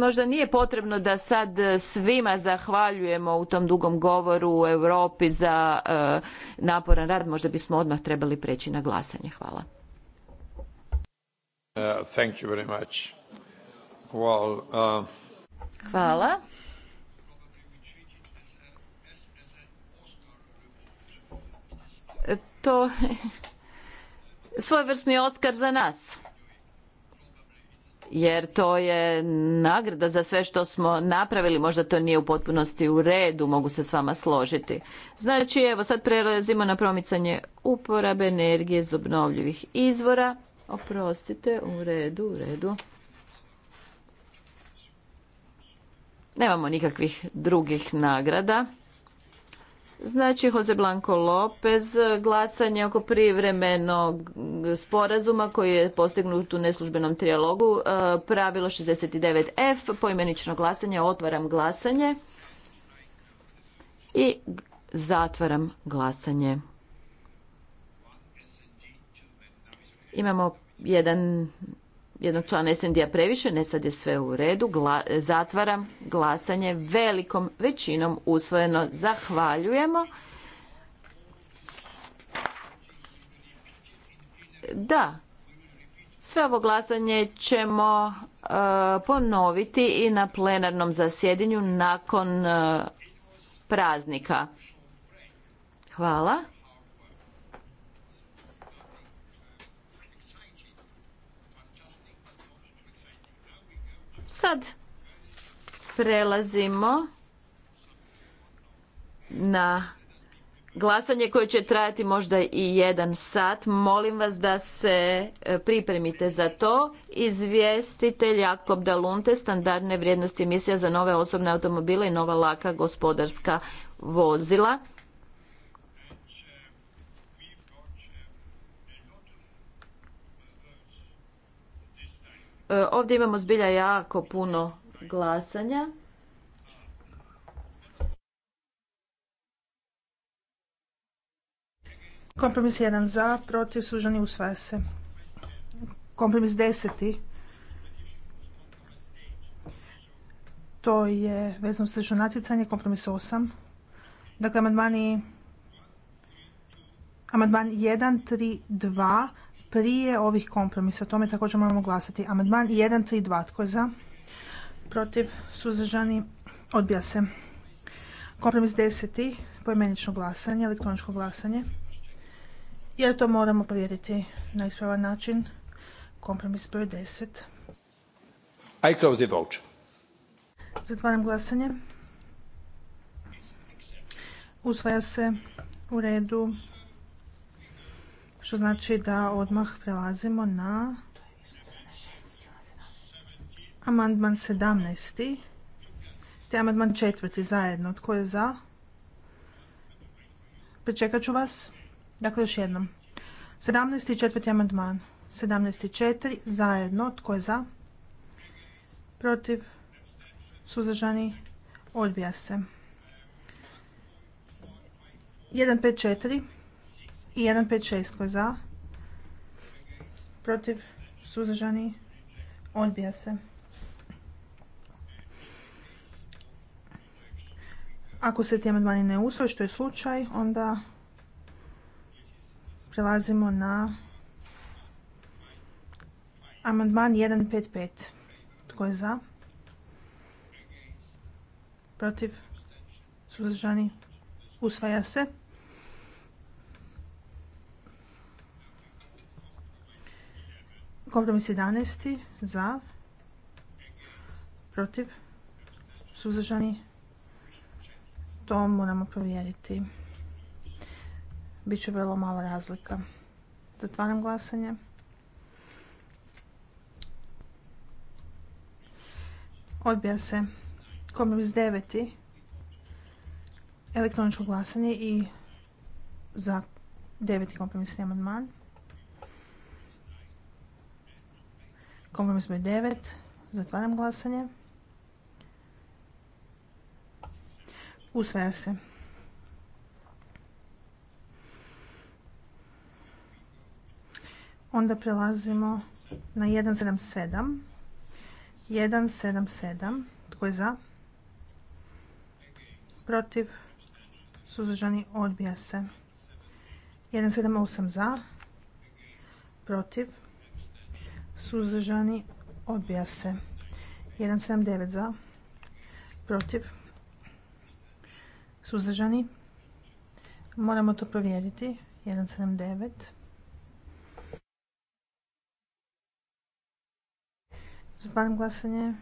možda nije potrebno da sad svima zahvaljujemo u tom dugom govoru u Europi za e, naporan rad. Možda bismo odmah trebali preći na glasanje. Hvala. Uh, uh, Hvala. to svojevrsni Oskar za nas. Jer to je nagrada za sve što smo napravili, možda to nije u potpunosti u redu, mogu se s vama složiti. Znači, evo sad prelazimo na promicanje uporabe energije iz obnovljivih izvora. Oprostite, u redu, u redu. Nemamo nikakvih drugih nagrada. Znači, Jose Blanco Lopez, glasanje oko privremenog sporazuma koji je postignut u neslužbenom trijalogu, e, pravilo 69F, poimenično glasanje, otvaram glasanje i zatvaram glasanje. Imamo jedan jednog člana SND-a previše, ne sad je sve u redu, zatvaram glasanje velikom većinom usvojeno. Zahvaljujemo. Da, sve ovo glasanje ćemo e, ponoviti i na plenarnom zasjedinju nakon e, praznika. Hvala. Sad prelazimo na glasanje koje će trajati možda i jedan sat. Molim vas da se e, pripremite za to. Izvjestitelj Jakob Dalunte, standardne vrijednosti emisija za nove osobne automobile i nova laka gospodarska vozila. E, ovdje imamo zbilja jako puno glasanja. Kompromis 1 za, protiv, suženi, usvaja se. Kompromis 10. To je vezano s tržno natjecanje, kompromis 8. Dakle, amandmani Amandman 1, 3, 2 prije ovih kompromisa. O tome također moramo glasati. Amandman 132. Tko je za? Protiv? Suzdržani? Odbija se. Kompromis 10. Pojmenično glasanje, elektroničko glasanje. Jer to moramo provjeriti na ispravan način. Kompromis broj 10. I close the vote. Zatvaram glasanje. Usvaja se u redu što znači da odmah prelazimo na amandman 17. te amandman četvrti zajedno. Tko je za? Pričekat ću vas. Dakle, još jednom. 17. i 4. amandman. 17. i 4. zajedno. Tko je za? Protiv? Suzdržani? Odbija se. 5, 154 i 156 tko je za, protiv, suzdržani, odbija se. Ako se ti amandmani ne usvoje, što je slučaj, onda prelazimo na amandman 155. Tko je za? Protiv? Suzdržani? Usvaja se. Kompromis 11. Za. Protiv. Suzdržani. To moramo provjeriti. Biće vrlo mala razlika. Zatvaram glasanje. Odbija se kompromis 9. Elektroničko glasanje i za deveti kompromisni amandman. Kompromis broj 9. Zatvaram glasanje. Usvaja se. Onda prelazimo na 177. 177. Tko je za? Protiv? Suzržani odbija se. 178 za. Protiv? suzdržani, odbija se. 179 za, protiv, suzdržani. Moramo to provjeriti. 179. Zatvaram glasanje.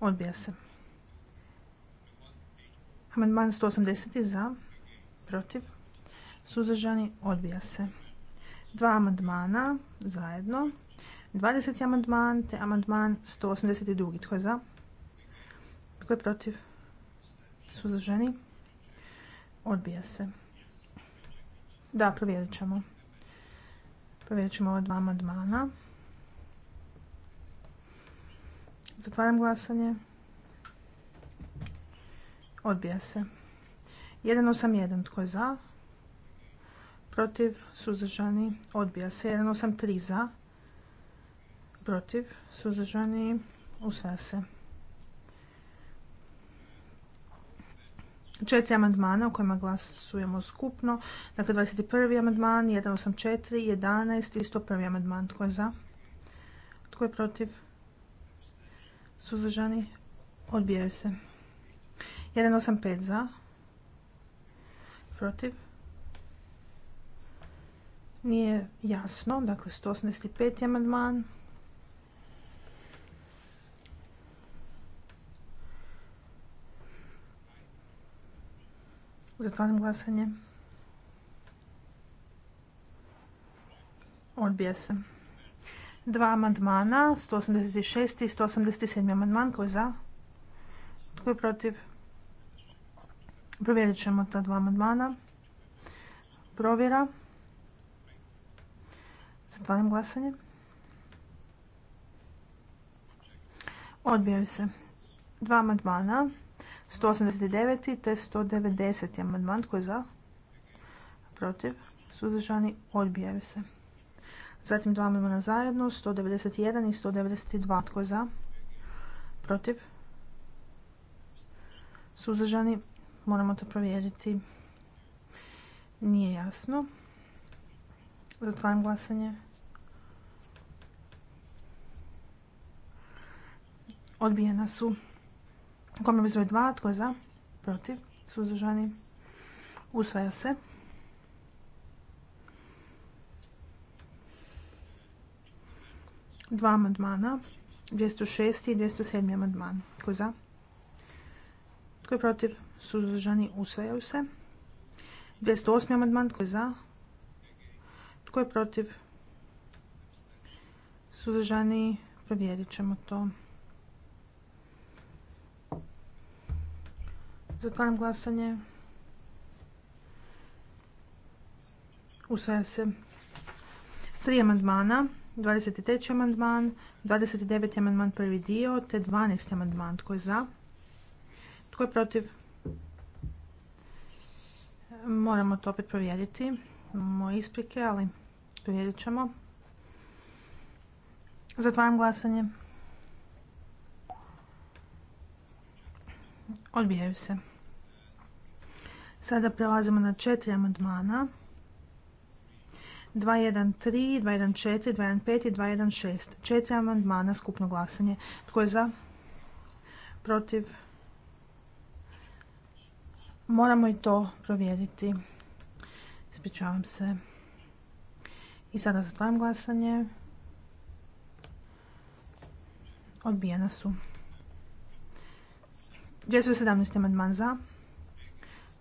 Odbija se. Amandman 180 za, protiv, suzdržani, odbija se. Dva amandmana zajedno. 20. amandman te amandman 182. Tko je za? Tko je protiv? ženi. Odbija se. Da, provjerit ćemo. Provjerit ćemo ova dva amandmana. Zatvaram glasanje. Odbija se. 181. Tko je za? protiv, suzdržani, odbija se. 183 za, protiv, suzdržani, usvaja se. Četiri amandmana u kojima glasujemo skupno. Dakle, 21. amandman, 184, 11 i 101. amandman. Tko je za? Tko je protiv? Suzdržani, odbijaju se. 185 za, protiv, nije jasno, dakle 185. amandman. zatvarim glasanje. Odbija se. Dva amandmana, 186. i 187. amandman. Tko je za? Tko je protiv? Provjerit ćemo ta dva amandmana. Provjera. Zatvaram glasanje. Odbijaju se dva amandmana, 189. te 190. amandman. Tko je za? Protiv? Suzdržani? Odbijaju se. Zatim dva amandmana zajedno, 191 i 192. Tko je za? Protiv? Suzdržani? Moramo to provjeriti. Nije jasno. Zatvaram glasanje. Odbijena su. Kompromis broj 2. Tko je za? Protiv. Suzdržani. Usvaja se. Dva amandmana. 206. i 207. amandman. Tko je za? Tko je protiv? Suzdržani. Usvajaju se. 208. amandman. Tko je za? Tko je protiv? Suzdržani. Provjerit ćemo to. Zatvaram glasanje. Usvaja se. Tri amandmana. 23. amandman, 29. amandman prvi dio, te 12. amandman. Tko je za? Tko je protiv? Moramo to opet provjeriti. Moje isprike, ali provjerit ćemo. Zatvaram glasanje. Odbijaju se. Sada prelazimo na četiri amandmana. 213, 214, 215 i 216. Četiri amandmana, skupno glasanje. Tko je za? Protiv? Moramo i to provjeriti. Ispričavam se. I sada zatvaram glasanje. Odbijena su. 217. amandman za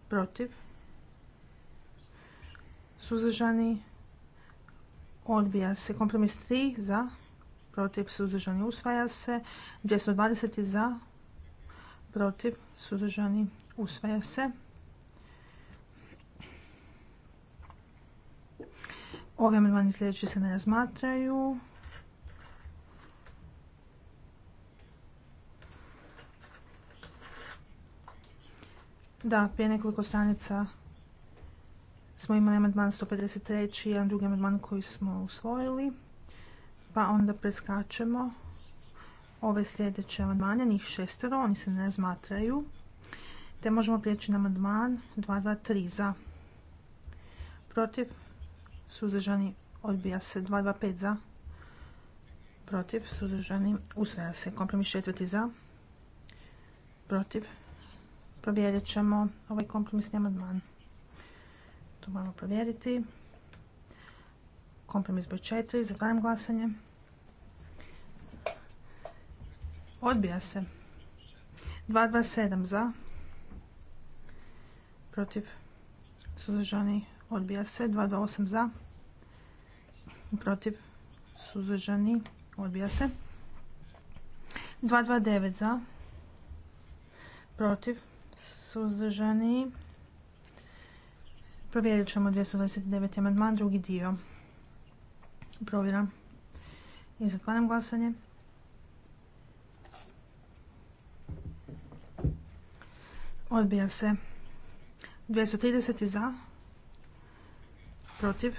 protiv, suzdržani, odbija se. Kompromis 3 za, protiv, suzdržani, usvaja se. 220 za, protiv, suzdržani, usvaja se. Ove amandmani sljedeći se ne razmatraju. Da, prije nekoliko stranica smo imali amandman 153. i jedan drugi amandman koji smo usvojili. Pa onda preskačemo ove sljedeće amandmane, njih šestero, oni se ne razmatraju. Te možemo prijeći na amandman 223 za. Protiv, suzdržani, odbija se 225 za. Protiv, suzdržani, usvaja se. Kompromis četvrti za. Protiv, Provjerit ćemo ovaj kompromisni amandman. To moramo provjeriti. Kompromis broj 4. Zatvaram glasanje. Odbija se. 227 za. Protiv. Suzdržani. Odbija se. 228 za. Protiv. Suzdržani. Odbija se. 229 za. Protiv suzdržani. Provjerit ćemo 229. amandman, drugi dio. provjeram I zatvaram glasanje. Odbija se. 230 za. Protiv.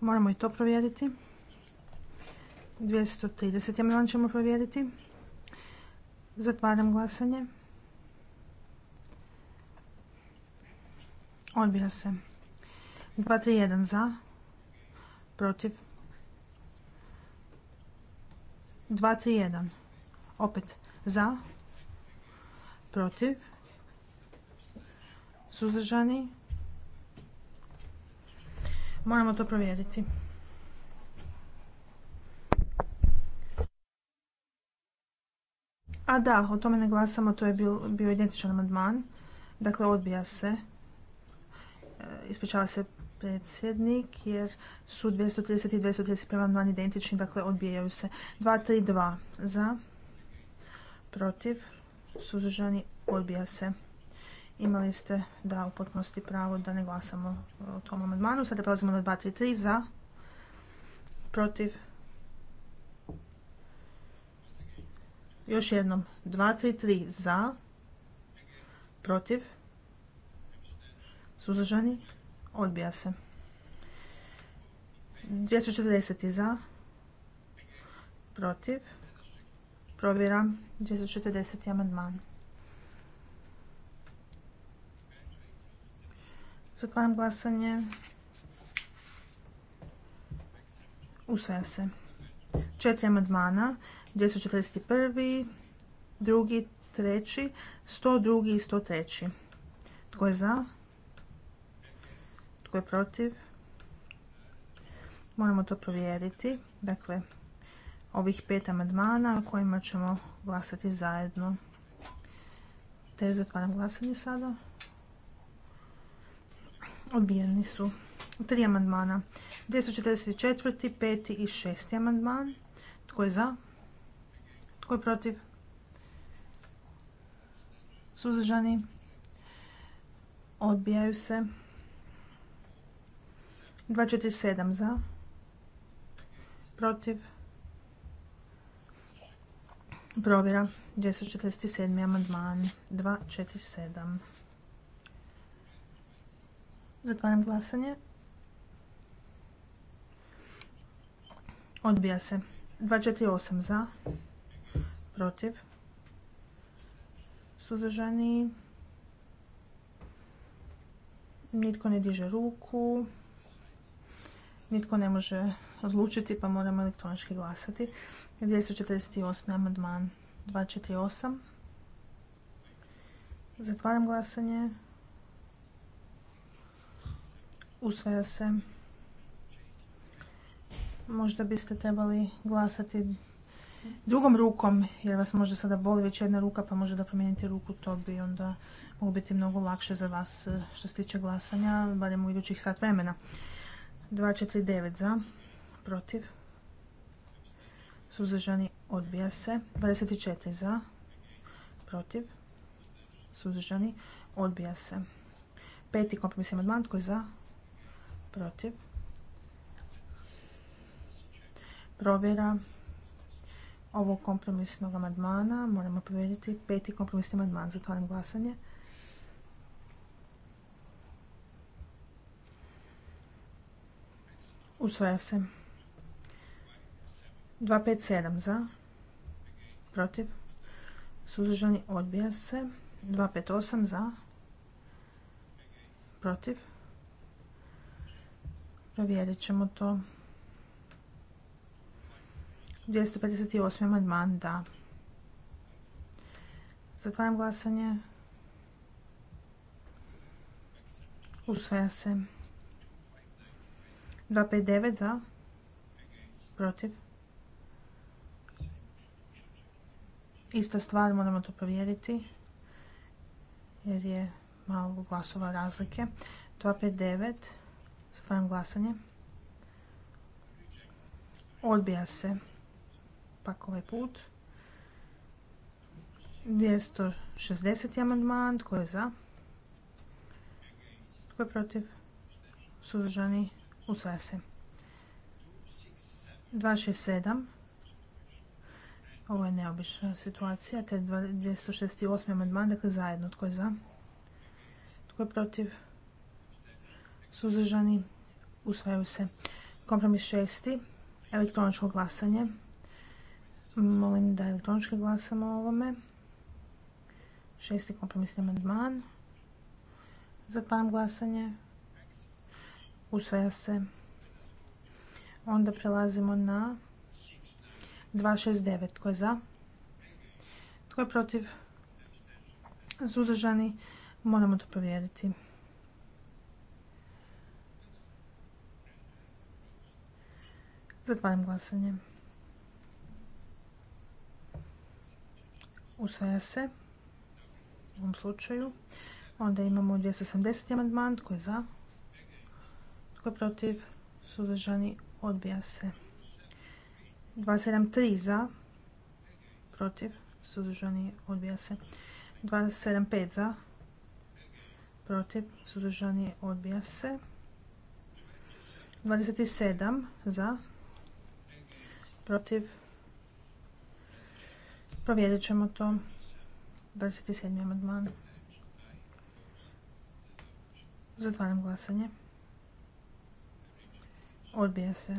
Moramo i to provjeriti. 230 amandman ćemo provjeriti. Zatvaram glasanje. Odbija se. 2-3-1 za. Protiv. 2-3-1. Opet za. Protiv. Suzdržani. Moramo to provjeriti. A da, o tome ne glasamo, to je bio identičan amandman. Dakle, odbija se. E, ispričava se predsjednik, jer su 230 i 231 amandman identični, dakle odbijaju se. 232 za, protiv, suzdržani, odbija se. Imali ste, da, u potpunosti pravo da ne glasamo o tom amandmanu. Sada prelazimo na 233 za, protiv, još jednom, 233 za, protiv, Suzdržani? Odbija se. 240. za. Protiv. Provjeram 240. amandman. Zatvaram glasanje. Usvaja se. Četiri amandmana. 241. Drugi, treći. 102. i 103. Tko je za? Tko je protiv? Moramo to provjeriti. Dakle, ovih pet amandmana o kojima ćemo glasati zajedno. Te zatvaram glasanje sada. Odbijeni su tri amandmana. 244. 5. i 6. amandman. Tko je za? Tko je protiv? Suzdržani? Odbijaju se. 247 za. Protiv. Provjera. 247. amandman. 247. Zatvaram glasanje. Odbija se. 248 za. Protiv. Suzdržani. Nitko ne diže ruku nitko ne može odlučiti pa moramo elektronički glasati. 248. amandman 248. Zatvaram glasanje. Usvaja se. Možda biste trebali glasati drugom rukom, jer vas možda sada boli već jedna ruka, pa možda da promijenite ruku, to bi onda moglo biti mnogo lakše za vas eh, što se tiče glasanja, barem u idućih sat vremena. 249 za, protiv, suzdržani, odbija se. 24 za, protiv, suzdržani, odbija se. Peti kompromis amandman, tko je za, protiv. Provjera ovog kompromisnog amandmana, moramo provjeriti peti kompromisni amandman, zatvaram glasanje. Usvaja se. 257 za. Protiv. Suzdržani odbija se. 258 za. Protiv. Provjerit ćemo to. 258. amandman da. Zatvaram glasanje. Usvaja se. 259 za. Protiv. Ista stvar, moramo to provjeriti. Jer je malo glasova razlike. 259. Stvaram glasanje. Odbija se. Pak ovaj put. 260. amandman. Tko je za? Tko je protiv? Suzdržani? Usvaja se. 267. Ovo je neobična situacija. Te 268. amandman, dakle zajedno. Tko je za? Tko je protiv? Suzdržani? Usvajaju se. Kompromis šesti. Elektroničko glasanje. Molim da elektronički glasamo o ovome. Šesti kompromisni amandman. Zatvaram glasanje. Usvaja se. Onda prelazimo na 269. Tko je za? Tko je protiv? Suzdržani? Moramo to provjeriti. Zatvaram glasanje. Usvaja se u ovom slučaju. Onda imamo 280. amandman. Tko je za? protiv? Suzdržani odbija se. 273 za. Protiv. Suzdržani odbija se. 275 za. Protiv. Suzdržani odbija se. 27 za. Protiv. Provjerit ćemo to. 27. amandman. Zatvaram glasanje. Odbija se.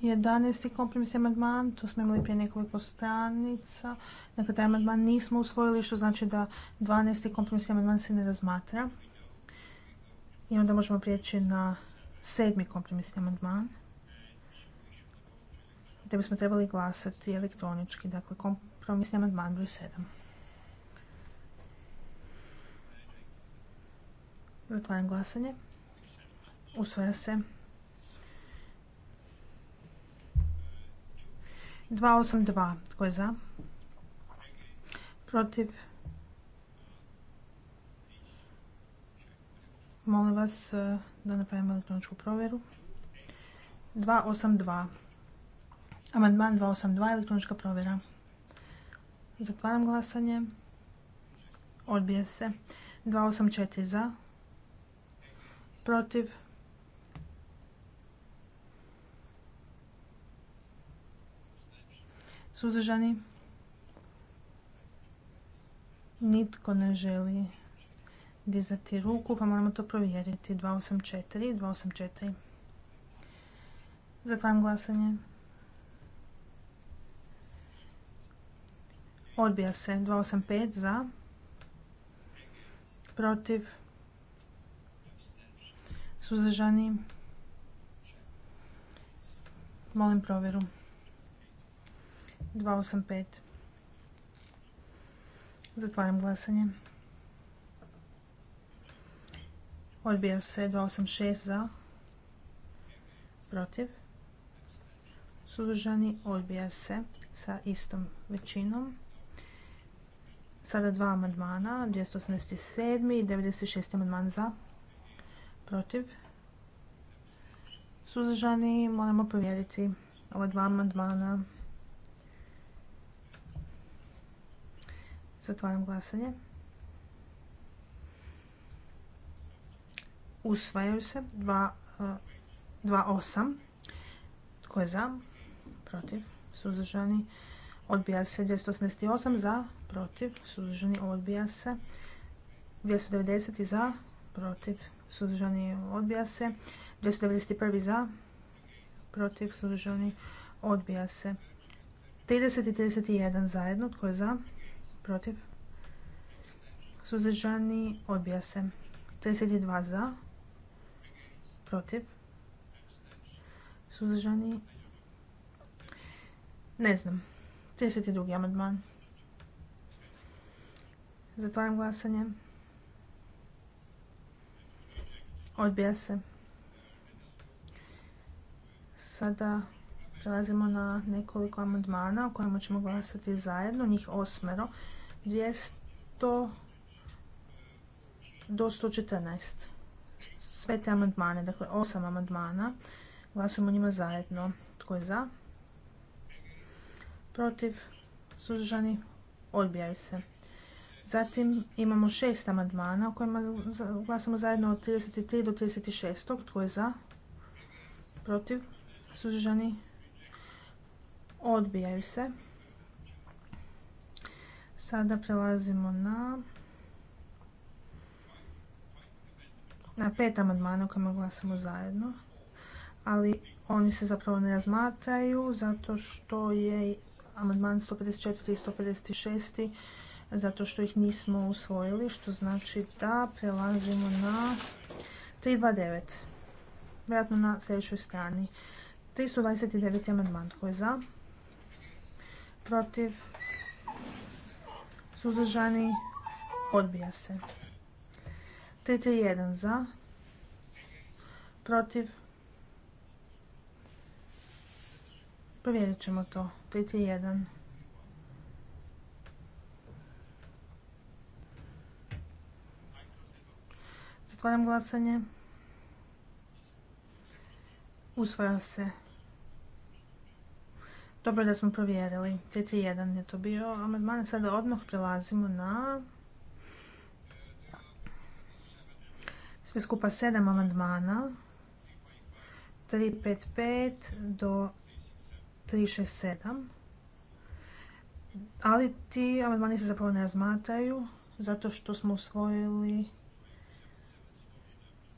Jedanesti kompromis amandman, to smo imali prije nekoliko stranica. Dakle, taj amandman nismo usvojili, što znači da 12. kompromisni amandman se ne razmatra. I onda možemo prijeći na sedmi kompromisni amandman. te bismo trebali glasati elektronički, dakle kompromisni amandman broj 7. Zatvaram glasanje. Usvaja se. 282. Tko je za? Protiv? Molim vas e, da napravimo elektroničku provjeru. 282. Amandman 282. Elektronička provjera. Zatvaram glasanje. Odbije se. 284 za protiv, suzdržani, nitko ne želi dizati ruku, pa moramo to provjeriti. 284, 284. Zatvaram glasanje. Odbija se 285 za, protiv, Suzdržani? Molim provjeru. 285. Zatvaram glasanje. Odbija se 286 za. Protiv. Suzdržani odbija se sa istom većinom. Sada dva amandmana, 287. i 96. amandman za protiv, suzdržani, moramo povjeriti ova dva amandmana. Zatvaram glasanje. Usvajaju se 2.8. Eh, Tko je za? Protiv. Suzdržani. Odbija se 288 za. Protiv. Suzdržani. Odbija se. 290 za. Protiv suzdržani odbija se. 291. za, protiv suzdržani odbija se. 30 i 31 zajedno, tko je za, protiv suzdržani odbija se. 32 za, protiv suzdržani ne znam. 32. amandman. Zatvaram glasanje. Odbija se. Sada prelazimo na nekoliko amandmana o kojima ćemo glasati zajedno, njih osmero, 200 do 114. Sve te amandmane, dakle osam amandmana, glasujemo njima zajedno. Tko je za? Protiv? Suzdržani? Odbijaju se. Zatim imamo šest amandmana o kojima glasamo zajedno od 33 do 36. Tko je za? Protiv? Suzdržani? Odbijaju se. Sada prelazimo na na pet amandmana o kojima glasamo zajedno, ali oni se zapravo ne razmatraju zato što je amandman 154. i 156 zato što ih nismo usvojili, što znači da prelazimo na 329. Vjerojatno na sljedećoj strani. 329. amandman. Tko je za? Protiv? Suzdržani? Odbija se. 331 za? Protiv? Provjerit ćemo to. 331. Otvaram glasanje. Usvaja se. Dobro da smo provjerili. 3-3-1 je to bio amandman. Sada odmah prelazimo na... Sve skupa 7 amandmana. 355 do 367. Ali ti amandmani se zapravo ne razmataju zato što smo usvojili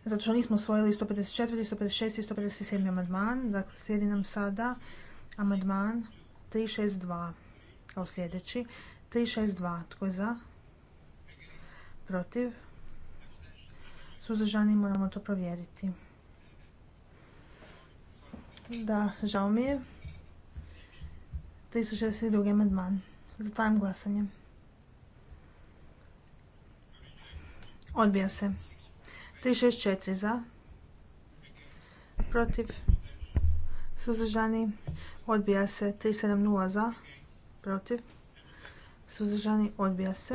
zato što nismo osvojili 154, 156 i 157 amandman. Dakle, slijedi nam sada amandman 362 kao sljedeći. 362. Tko je za? Protiv? Suzdržani moramo to provjeriti. Da, žao mi je. 362. amandman. Zatvaram glasanje. Odbija se. 364 za. Protiv. Suzdržani. Odbija se. 370 za. Protiv. Suzdržani. Odbija se.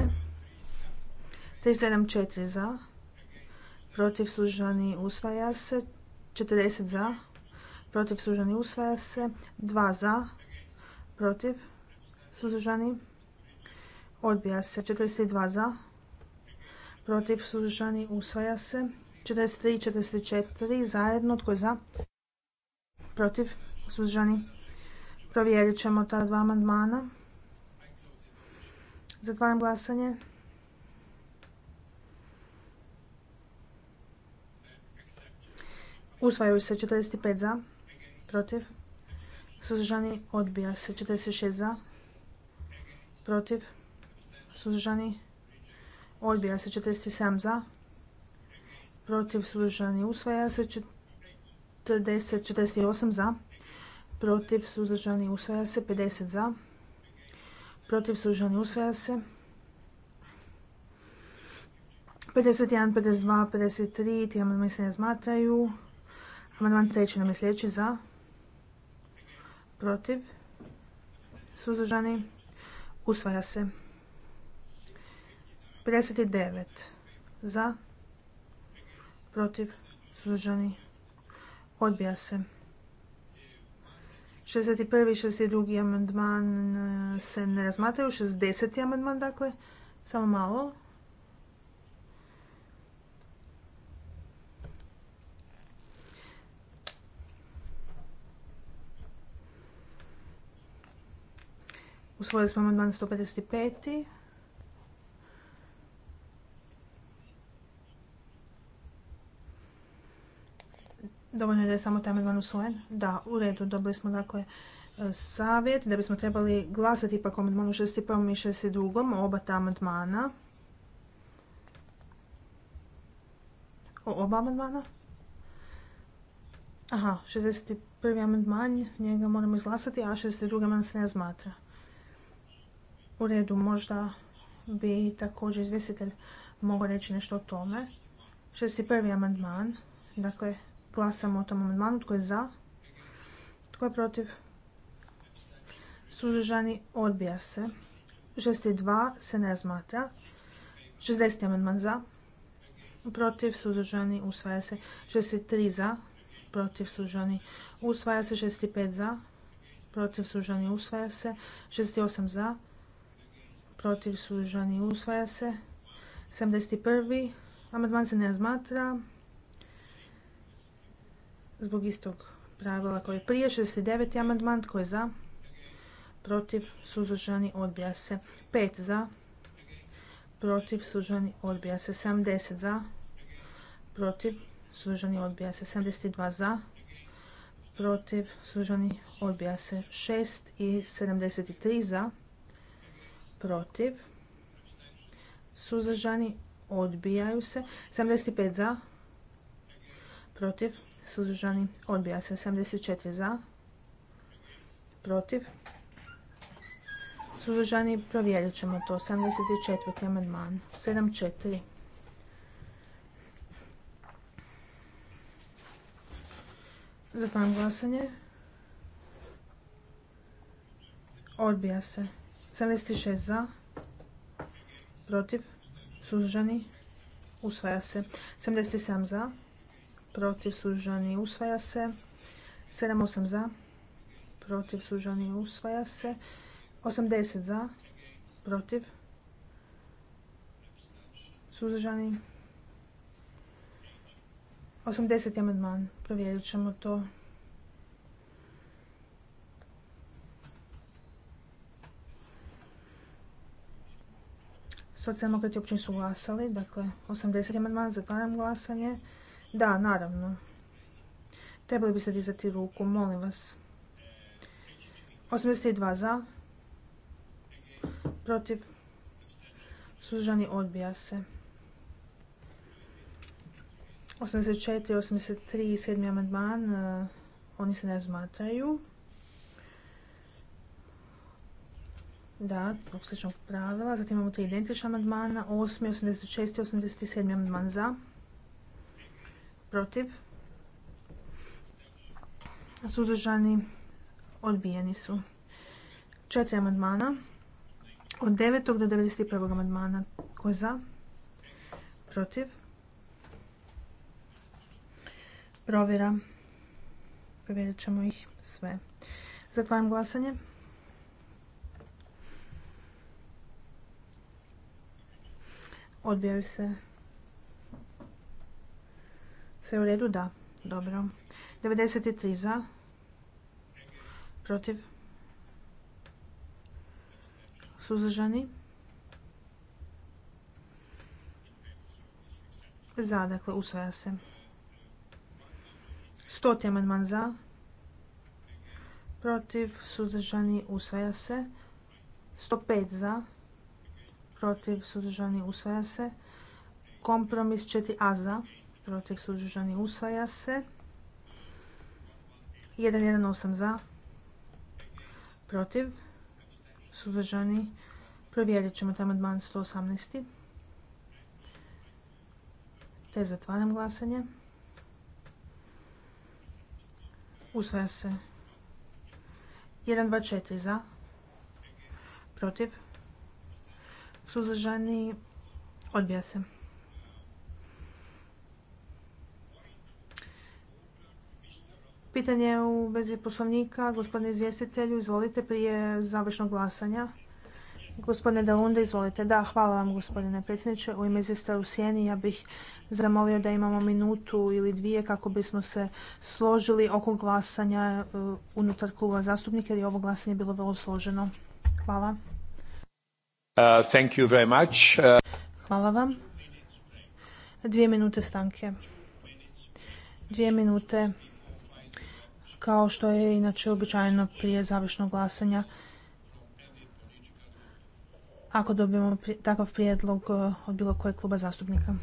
374 za. Protiv. Suzdržani. Usvaja se. 40 za. Protiv. Suzdržani. Usvaja se. 2 za. Protiv. Suzdržani. Odbija se. 42 za protiv suzdržani usvaja se. 43 i 44 zajedno, tko je za, protiv suzdržani. Provjerit ćemo ta dva amandmana. Zatvaram glasanje. Usvajaju se 45 za, protiv, suzdržani, odbija se 46 za, protiv, suzdržani, Odbija se 47 za. Protiv suzdržani usvaja se 40, 48 za. Protiv suzdržani usvaja se 50 za. Protiv suzdržani usvaja se 51, 52, 53, ti amandmani se ne zmatraju. Amandman treći nam je sljedeći za. Protiv. Suzdržani. Usvaja se. 59 za, protiv, suzdržani, odbija se. 61. i 62. amandman eh, se ne razmatraju. 60. amandman, dakle, samo malo. Usvojili smo amandman 155. Dovoljno je da je samo taj amandman usvojen? Da, u redu. Dobili smo dakle e, savjet da bismo trebali glasati ipak o amandmanu 61. i 62. oba ta amandmana. O oba amandmana? Aha, 61. amandman, njega moramo izglasati, a 62. amandman se ne razmatra. U redu, možda bi također izvjestitelj mogao reći nešto o tome. 61. amandman, dakle, Glasamo o tom amandmanu. Tko je za? Tko je protiv? Suzdržani odbija se. 62 se ne razmatra. 60. amandman za. Protiv suzdržani usvaja se. 63 za. Protiv suzdržani usvaja se. 65 za. Protiv suzdržani usvaja se. 68 za. Protiv suzdržani usvaja se. 71. amandman se ne razmatra zbog istog pravila koje je prije. 69. amandman tko je za? Protiv suzdržani odbija se. 5 za. Protiv suzdržani odbija se. 70 za. Protiv suzdržani odbija se. 72 za. Protiv suzdržani odbija se. 6 i 73 za. Protiv suzdržani odbijaju se. 75 za. Protiv suzdržani, odbija se. 74 za, protiv, suzdržani, provjerit ćemo to. 74. amandman, 74. Zatvaram glasanje. Odbija se. 76 za, protiv, suzdržani, usvaja se. 77 za, protiv suzdržani usvaja se. 7-8 za, protiv suzdržani usvaja se. 80 za, protiv suzdržani. 80 amandman, provjerit ćemo to. Socijaldemokrati uopće su glasali, dakle 80 amandman, zatvaram glasanje. Da, naravno. Trebali biste dizati ruku, molim vas. 82 za. Protiv. Suzdržani odbija se. 84, 83 i 7. amandman, e, oni se ne razmatraju. Da, zbog sličnog pravila. Zatim imamo tri identična amandmana, 8, 86 i 87. amandman za protiv, suzdržani, odbijeni su. Četiri amandmana, od 9. do 91. amandmana, ko za, protiv, provjera, provjerit ćemo ih sve. Zatvaram glasanje. Odbijaju se sve u redu? Da. Dobro. 93 za. Protiv. Suzdržani. Za, dakle, usvaja se. 100. amandman za. Protiv. Suzdržani. Usvaja se. 105 za. Protiv. Suzdržani. Usvaja se. Kompromis 4a za protiv suzdržani usvaja se. 118 za, protiv suzdržani. Provjerit ćemo tamo amandman Te zatvaram glasanje. Usvaja se. 124 za, protiv suzdržani. Odbija se. Pitanje u vezi poslovnika, gospodine izvjestitelju, izvolite prije završnog glasanja. Gospodine Dalunde, izvolite. Da, hvala vam gospodine predsjedniče. U ime izvjesta u Sjeni ja bih zamolio da imamo minutu ili dvije kako bismo se složili oko glasanja uh, unutar kluba zastupnika jer je ovo glasanje bilo vrlo složeno. Hvala. Uh, uh, hvala vam. Dvije minute stanke. Dvije minute kao što je inače običajno prije završnog glasanja. Ako dobijemo takav prijedlog eh, od bilo kojeg kluba zastupnika.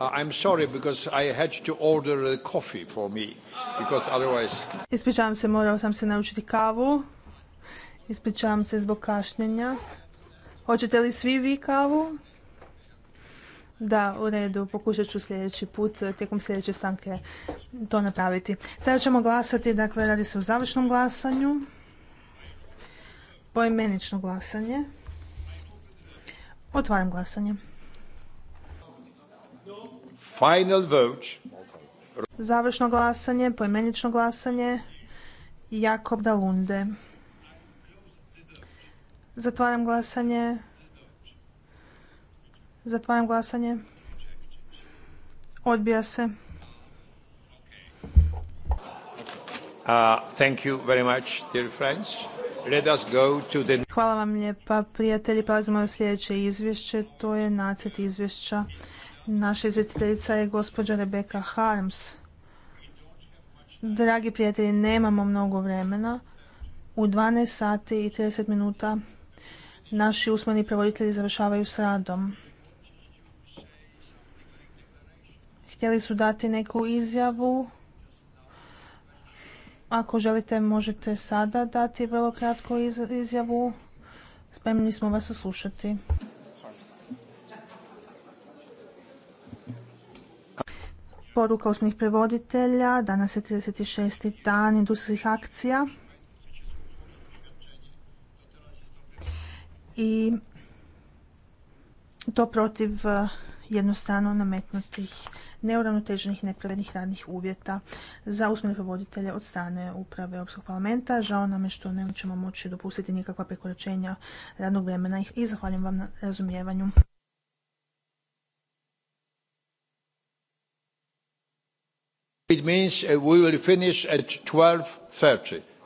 Uh, I'm sorry because I had to order a coffee for me because otherwise Ispričavam se, morao sam se naučiti kavu. Ispričavam se zbog kašnjenja. Hoćete li svi vi kavu? Da, u redu, pokušat ću sljedeći put, uh, tijekom sljedeće stanke to napraviti. Sada ćemo glasati, dakle radi se o završnom glasanju, poimenično glasanje. Otvaram glasanje. Final vote. Završno glasanje, poimenično glasanje. Jakob Dalunde. Zatvaram glasanje. Zatvaram glasanje. Odbija se. Uh, thank you Hvala vam lijepa, prijatelji. Pazimo na sljedeće izvješće. To je nacrt izvješća Naša izvjestiteljica je gospođa Rebeka Harms. Dragi prijatelji, nemamo mnogo vremena. U 12 sati i 30 minuta naši usmeni prevoditelji završavaju s radom. Htjeli su dati neku izjavu. Ako želite, možete sada dati vrlo kratku izjavu. Spremni smo vas slušati. poruka usmenih prevoditelja. Danas je 36. dan industrijskih akcija. I to protiv eh, jednostavno nametnutih neuravnoteženih nepravednih radnih uvjeta za usmene provoditelje od strane uprave Europskog parlamenta. Žao nam je što nećemo moći dopustiti nikakva prekoračenja radnog vremena i zahvaljujem vam na razumijevanju. Uh,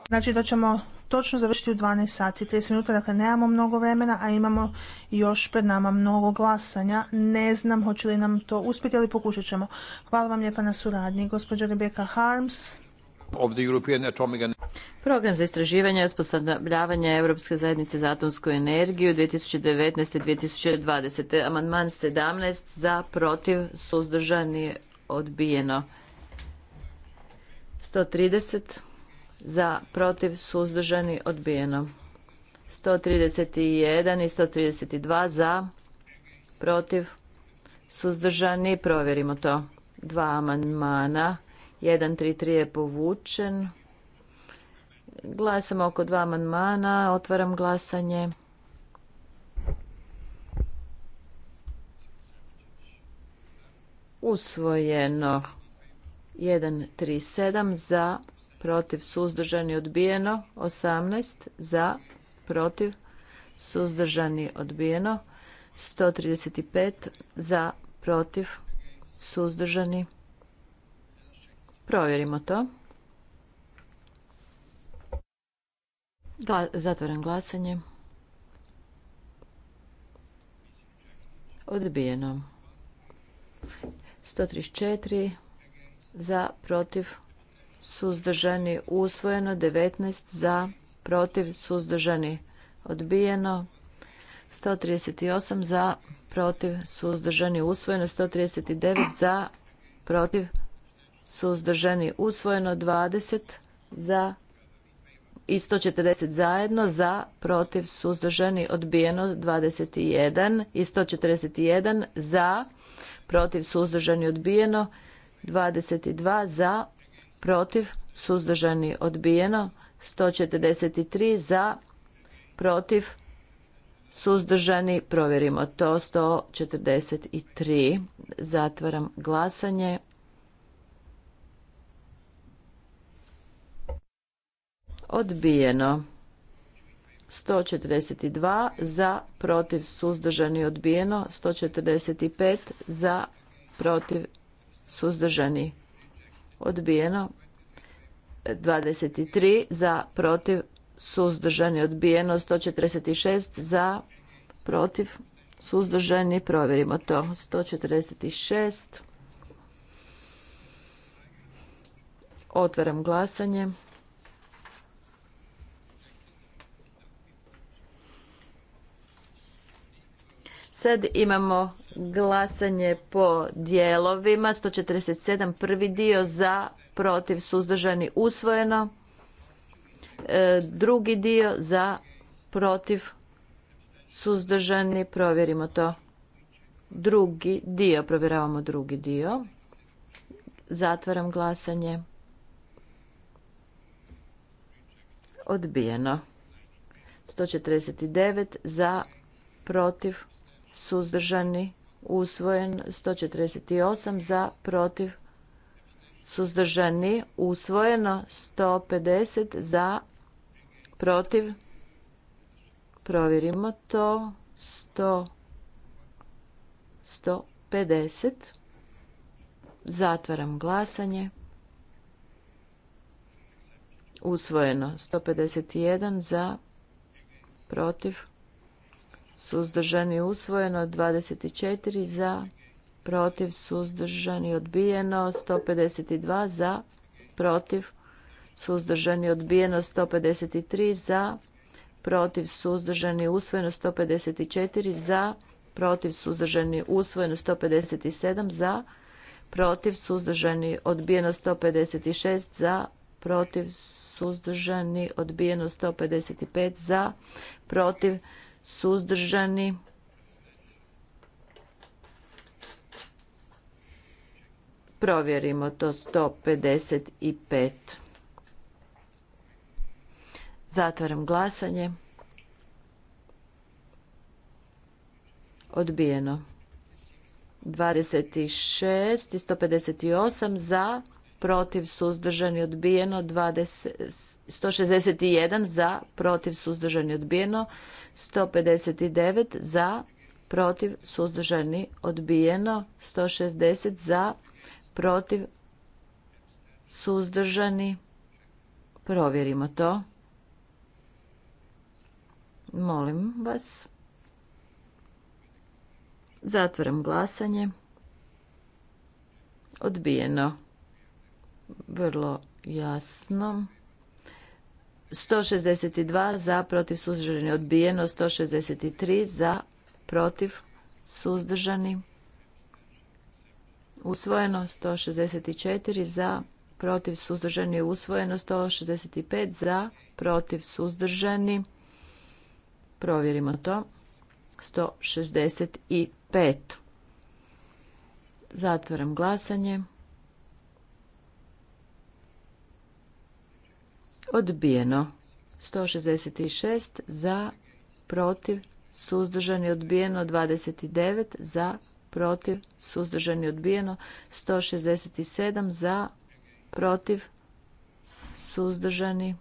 znači da ćemo točno završiti u 12 sati 30 minuta, dakle nemamo mnogo vremena, a imamo još pred nama mnogo glasanja. Ne znam hoće li nam to uspjeti, ali pokušat ćemo. Hvala vam lijepa na suradnji. Gospođa Rebecca Harms. Program za istraživanje i osposobljavanje Europske zajednice za atomsku energiju 2019. 2020. Amandman 17 za protiv suzdržani odbijeno. 130 za protiv suzdržani odbijeno 131 i 132 za protiv suzdržani provjerimo to dva amandmana 133 je povučen glasamo oko dva amandmana otvaram glasanje usvojeno 137 za, protiv, suzdržani, odbijeno. 18 za, protiv, suzdržani, odbijeno. 135 za, protiv, suzdržani. Provjerimo to. zatvaram glasanje. Odbijeno. 134 za, protiv, suzdržani, usvojeno, 19 za, protiv, suzdržani, odbijeno, 138 za, protiv, suzdržani, usvojeno, 139 za, protiv, suzdržani, usvojeno, 20 za, i 140 zajedno, za, protiv, suzdržani, odbijeno, 21 i 141 za, protiv, suzdržani, odbijeno, 22 za, protiv, suzdržani, odbijeno. 143 za, protiv, suzdržani, provjerimo to. 143, zatvaram glasanje. Odbijeno. 142 za, protiv, suzdržani, odbijeno. 145 za, protiv, suzdržani, odbijeno. 23 za, protiv, suzdržani, odbijeno. 146 za, protiv, suzdržani, provjerimo to. 146. Otvaram glasanje. Sad imamo glasanje po dijelovima. 147 prvi dio za, protiv, suzdržani, usvojeno. E, drugi dio za, protiv, suzdržani, provjerimo to. Drugi dio, provjeravamo drugi dio. Zatvaram glasanje. Odbijeno. 149 za, protiv, suzdržani, usvojen 148 za, protiv, suzdržani, usvojeno 150 za, protiv, provjerimo to, 100, 150, zatvaram glasanje, usvojeno 151 za, protiv, suzdržani usvojeno 24 za protiv suzdržani odbijeno 152 za protiv suzdržani odbijeno 153 za protiv suzdržani usvojeno 154 za protiv suzdržani usvojeno 157 za protiv suzdržani odbijeno 156 za protiv suzdržani odbijeno 155 za protiv suzdržani provjerimo to 155 zatvaram glasanje odbijeno 26 i 158 za protiv suzdržani odbijeno 161 za protiv suzdržani odbijeno 159 za protiv suzdržani odbijeno 160 za protiv suzdržani provjerimo to molim vas zatvaram glasanje odbijeno vrlo jasno. 162 za, protiv suzdržani odbijeno, 163 za, protiv suzdržani usvojeno, 164 za, protiv suzdržani usvojeno, 165 za, protiv suzdržani. Provjerimo to. 165. Zatvaram glasanje. odbijeno. 166 za, protiv, suzdržani, odbijeno. 29 za, protiv, suzdržani, odbijeno. 167 za, protiv, suzdržani.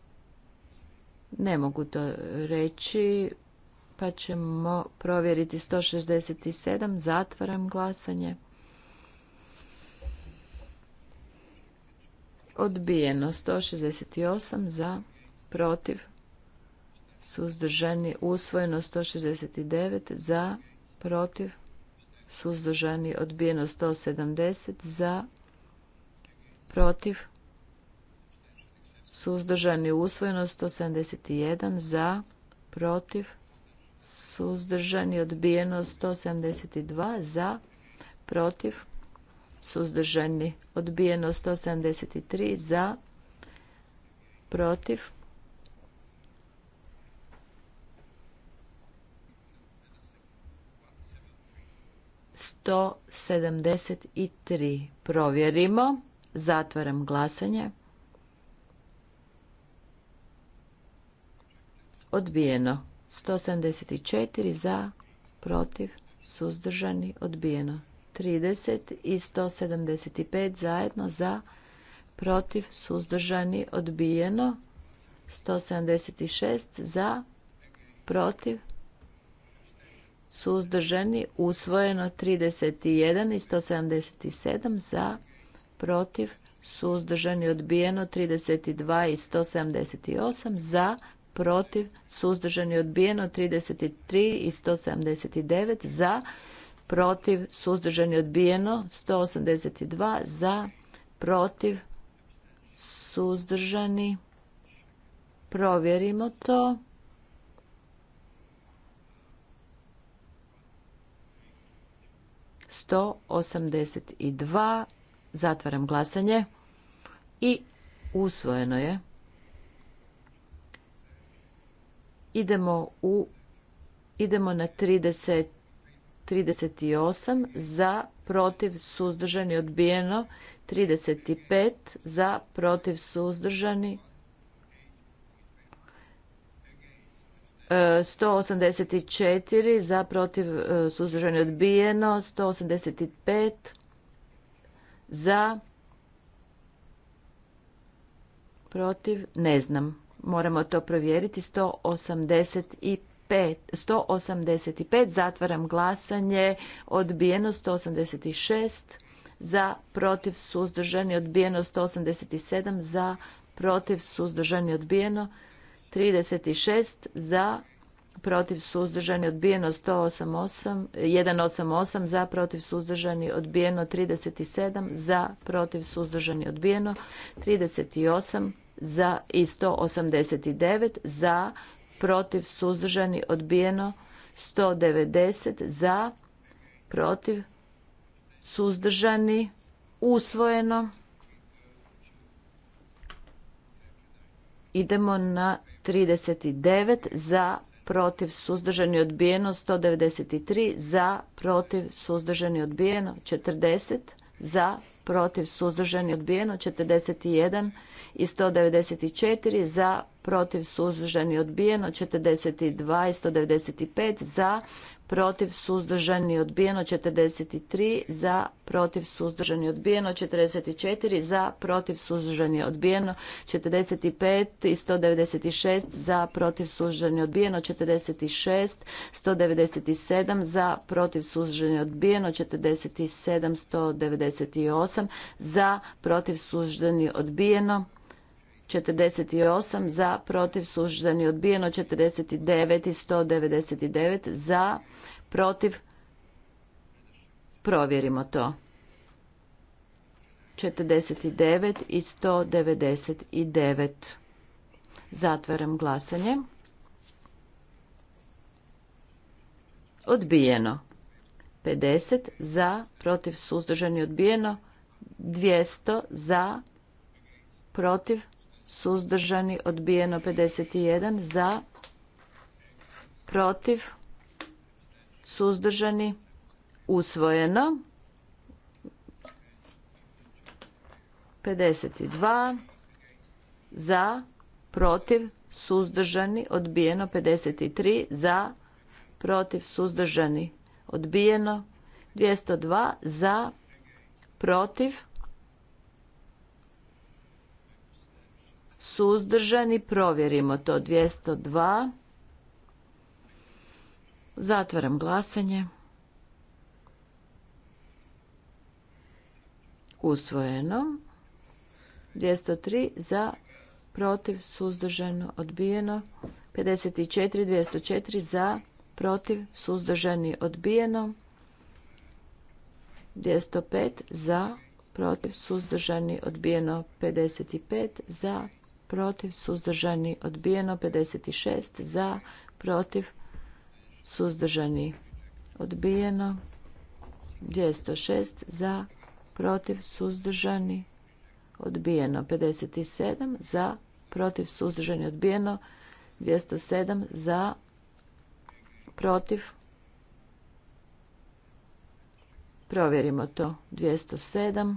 Ne mogu to reći, pa ćemo provjeriti 167. Zatvaram glasanje. odbijeno 168 za protiv suzdržani usvojeno 169 za protiv suzdržani odbijeno 170 za protiv suzdržani usvojeno 171 za protiv suzdržani odbijeno 172 za protiv suzdržani, odbijeno 173 za, protiv. 173. sedamdeset Provjerimo. Zatvaram glasanje. Odbijeno. 174 za, protiv, suzdržani, odbijeno. 30 i 175 zajedno za protiv suzdržani odbijeno 176 za protiv suzdržani usvojeno 31 i 177 za protiv suzdržani odbijeno 32 i 178 za protiv suzdržani odbijeno 33 i 179 za protiv, suzdržani, odbijeno. 182 za, protiv, suzdržani. Provjerimo to. 182. zatvaram glasanje i usvojeno je. Idemo na 30 38 za, protiv, suzdržani, odbijeno. 35 za, protiv, suzdržani. 184 e, za, protiv, e, suzdržani, odbijeno. 185 za, protiv, ne znam. Moramo to provjeriti. 185. 185 zatvaram glasanje odbijeno 186 za protiv suzdržani odbijeno 187 za protiv suzdržani odbijeno 36 za protiv suzdržani odbijeno 188 188 za protiv suzdržani odbijeno 37 za protiv suzdržani odbijeno 38 za i 189 za protiv, suzdržani, odbijeno. 190 za, protiv, suzdržani, usvojeno. Idemo na 39 za, protiv, suzdržani, odbijeno. 193 za, protiv, suzdržani, odbijeno. 40 za, protiv, suzdržani, odbijeno. 41 i 194 za, protiv, suzdržani, odbijeno. 42 i 195 za, protiv suzdržani odbijeno 43 za protiv suzdržani odbijeno 44 za protiv suzdržani odbijeno 45 i 196 za protiv suzdržani odbijeno 46 197 za protiv suzdržani odbijeno 47 198 za protiv suzdržani odbijeno 48 za, protiv, suždani, odbijeno 49 i 199 za, protiv, provjerimo to. 49 i 199. Zatvaram glasanje. Odbijeno. 50 za, protiv, suzdržani, odbijeno. 200 za, protiv, provjerimo suzdržani, odbijeno 51 za, protiv, suzdržani, usvojeno 52 za, protiv, suzdržani, odbijeno 53 za, protiv, suzdržani, odbijeno 202 za, protiv, suzdržani, provjerimo to 202. Zatvaram glasanje. Usvojeno. 203 za, protiv, suzdržano, odbijeno. 54, 204 za, protiv, suzdržani, odbijeno. 205 za, protiv, suzdržani, odbijeno. 55 za, protiv, suzdržani, odbijeno. 56 za, protiv, suzdržani, odbijeno. 206 za, protiv, suzdržani, odbijeno. 57 za, protiv, suzdržani, odbijeno. 207 za, protiv. Provjerimo to. 207.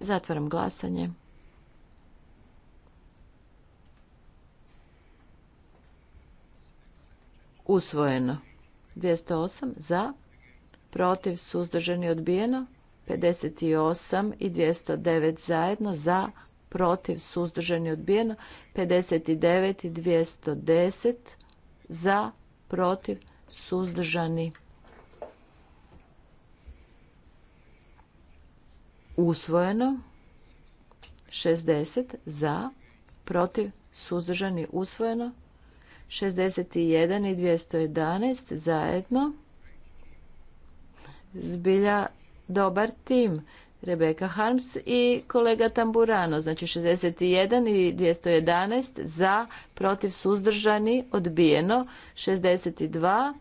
Zatvaram glasanje. Usvojeno. 208 za, protiv, suzdržani, odbijeno. 58 i 209 zajedno za, protiv, suzdržani, odbijeno. 59 i 210 za, protiv, suzdržani, odbijeno usvojeno 60 za protiv suzdržani usvojeno 61 i 211 zajedno zbilja dobar tim Rebeka Harms i kolega Tamburano. Znači 61 i 211 za, protiv suzdržani, odbijeno. 62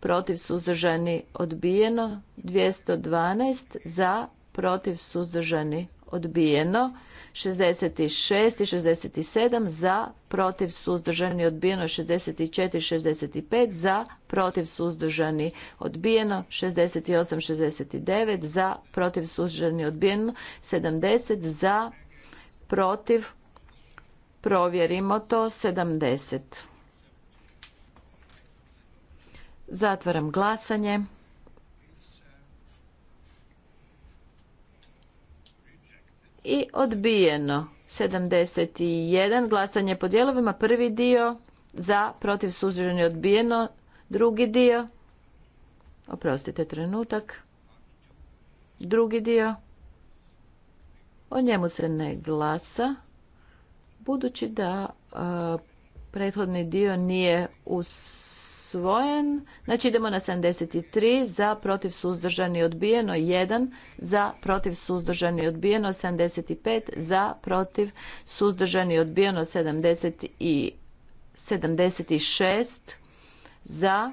protiv suzdržani, odbijeno. 212 za, protiv, suzdržani, odbijeno. 66 i 67 za, protiv, suzdržani, odbijeno. 64 i 65 za, protiv, suzdržani, odbijeno. 68 69 za, protiv, suzdržani, odbijeno. 70 za, protiv, provjerimo to, 70. Zatvaram glasanje. i odbijeno 71 glasanje po dijelovima prvi dio za protiv suzdržani odbijeno drugi dio oprostite trenutak drugi dio o njemu se ne glasa budući da prethodni dio nije uz usvojen. Znači idemo na 73 za protiv suzdržani odbijeno 1 za protiv suzdržani odbijeno 75 za protiv suzdržani odbijeno 70 i 76 za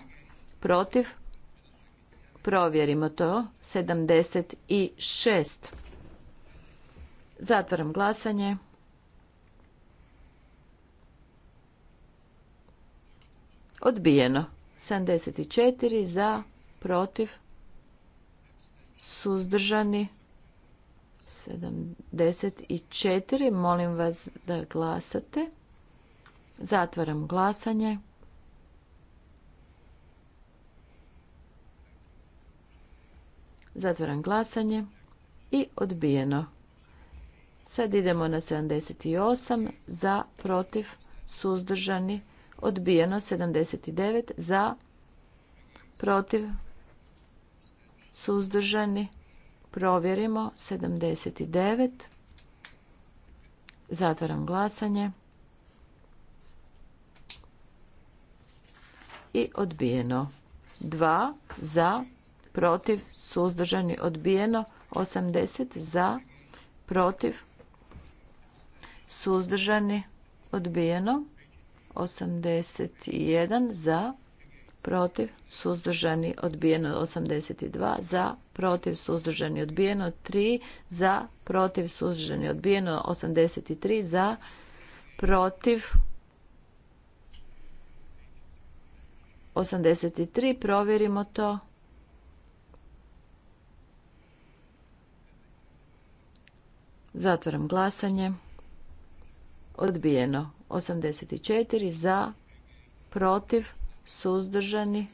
protiv provjerimo to 76 zatvaram glasanje Odbijeno. 74 za, protiv, suzdržani. 74. Molim vas da glasate. Zatvaram glasanje. Zatvaram glasanje. I odbijeno. Sad idemo na 78. Za, protiv, suzdržani odbijeno 79 za protiv suzdržani provjerimo 79 zatvaram glasanje i odbijeno 2 za protiv suzdržani odbijeno 80 za protiv suzdržani odbijeno 81 za, protiv, suzdržani, odbijeno 82 za, protiv, suzdržani, odbijeno 3 za, protiv, suzdržani, odbijeno 83 za, protiv, 83, provjerimo to. Zatvaram glasanje odbijeno. 84 za, protiv, suzdržani,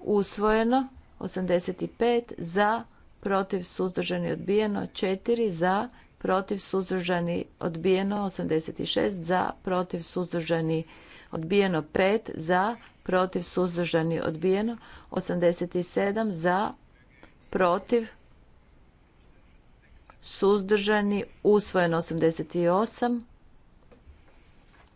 usvojeno. 85 za, protiv, suzdržani, odbijeno. 4 za, protiv, suzdržani, odbijeno. 86 za, protiv, suzdržani, odbijeno. 5 za, protiv, suzdržani, odbijeno. 87 za, protiv, suzdržani, usvojeno. 88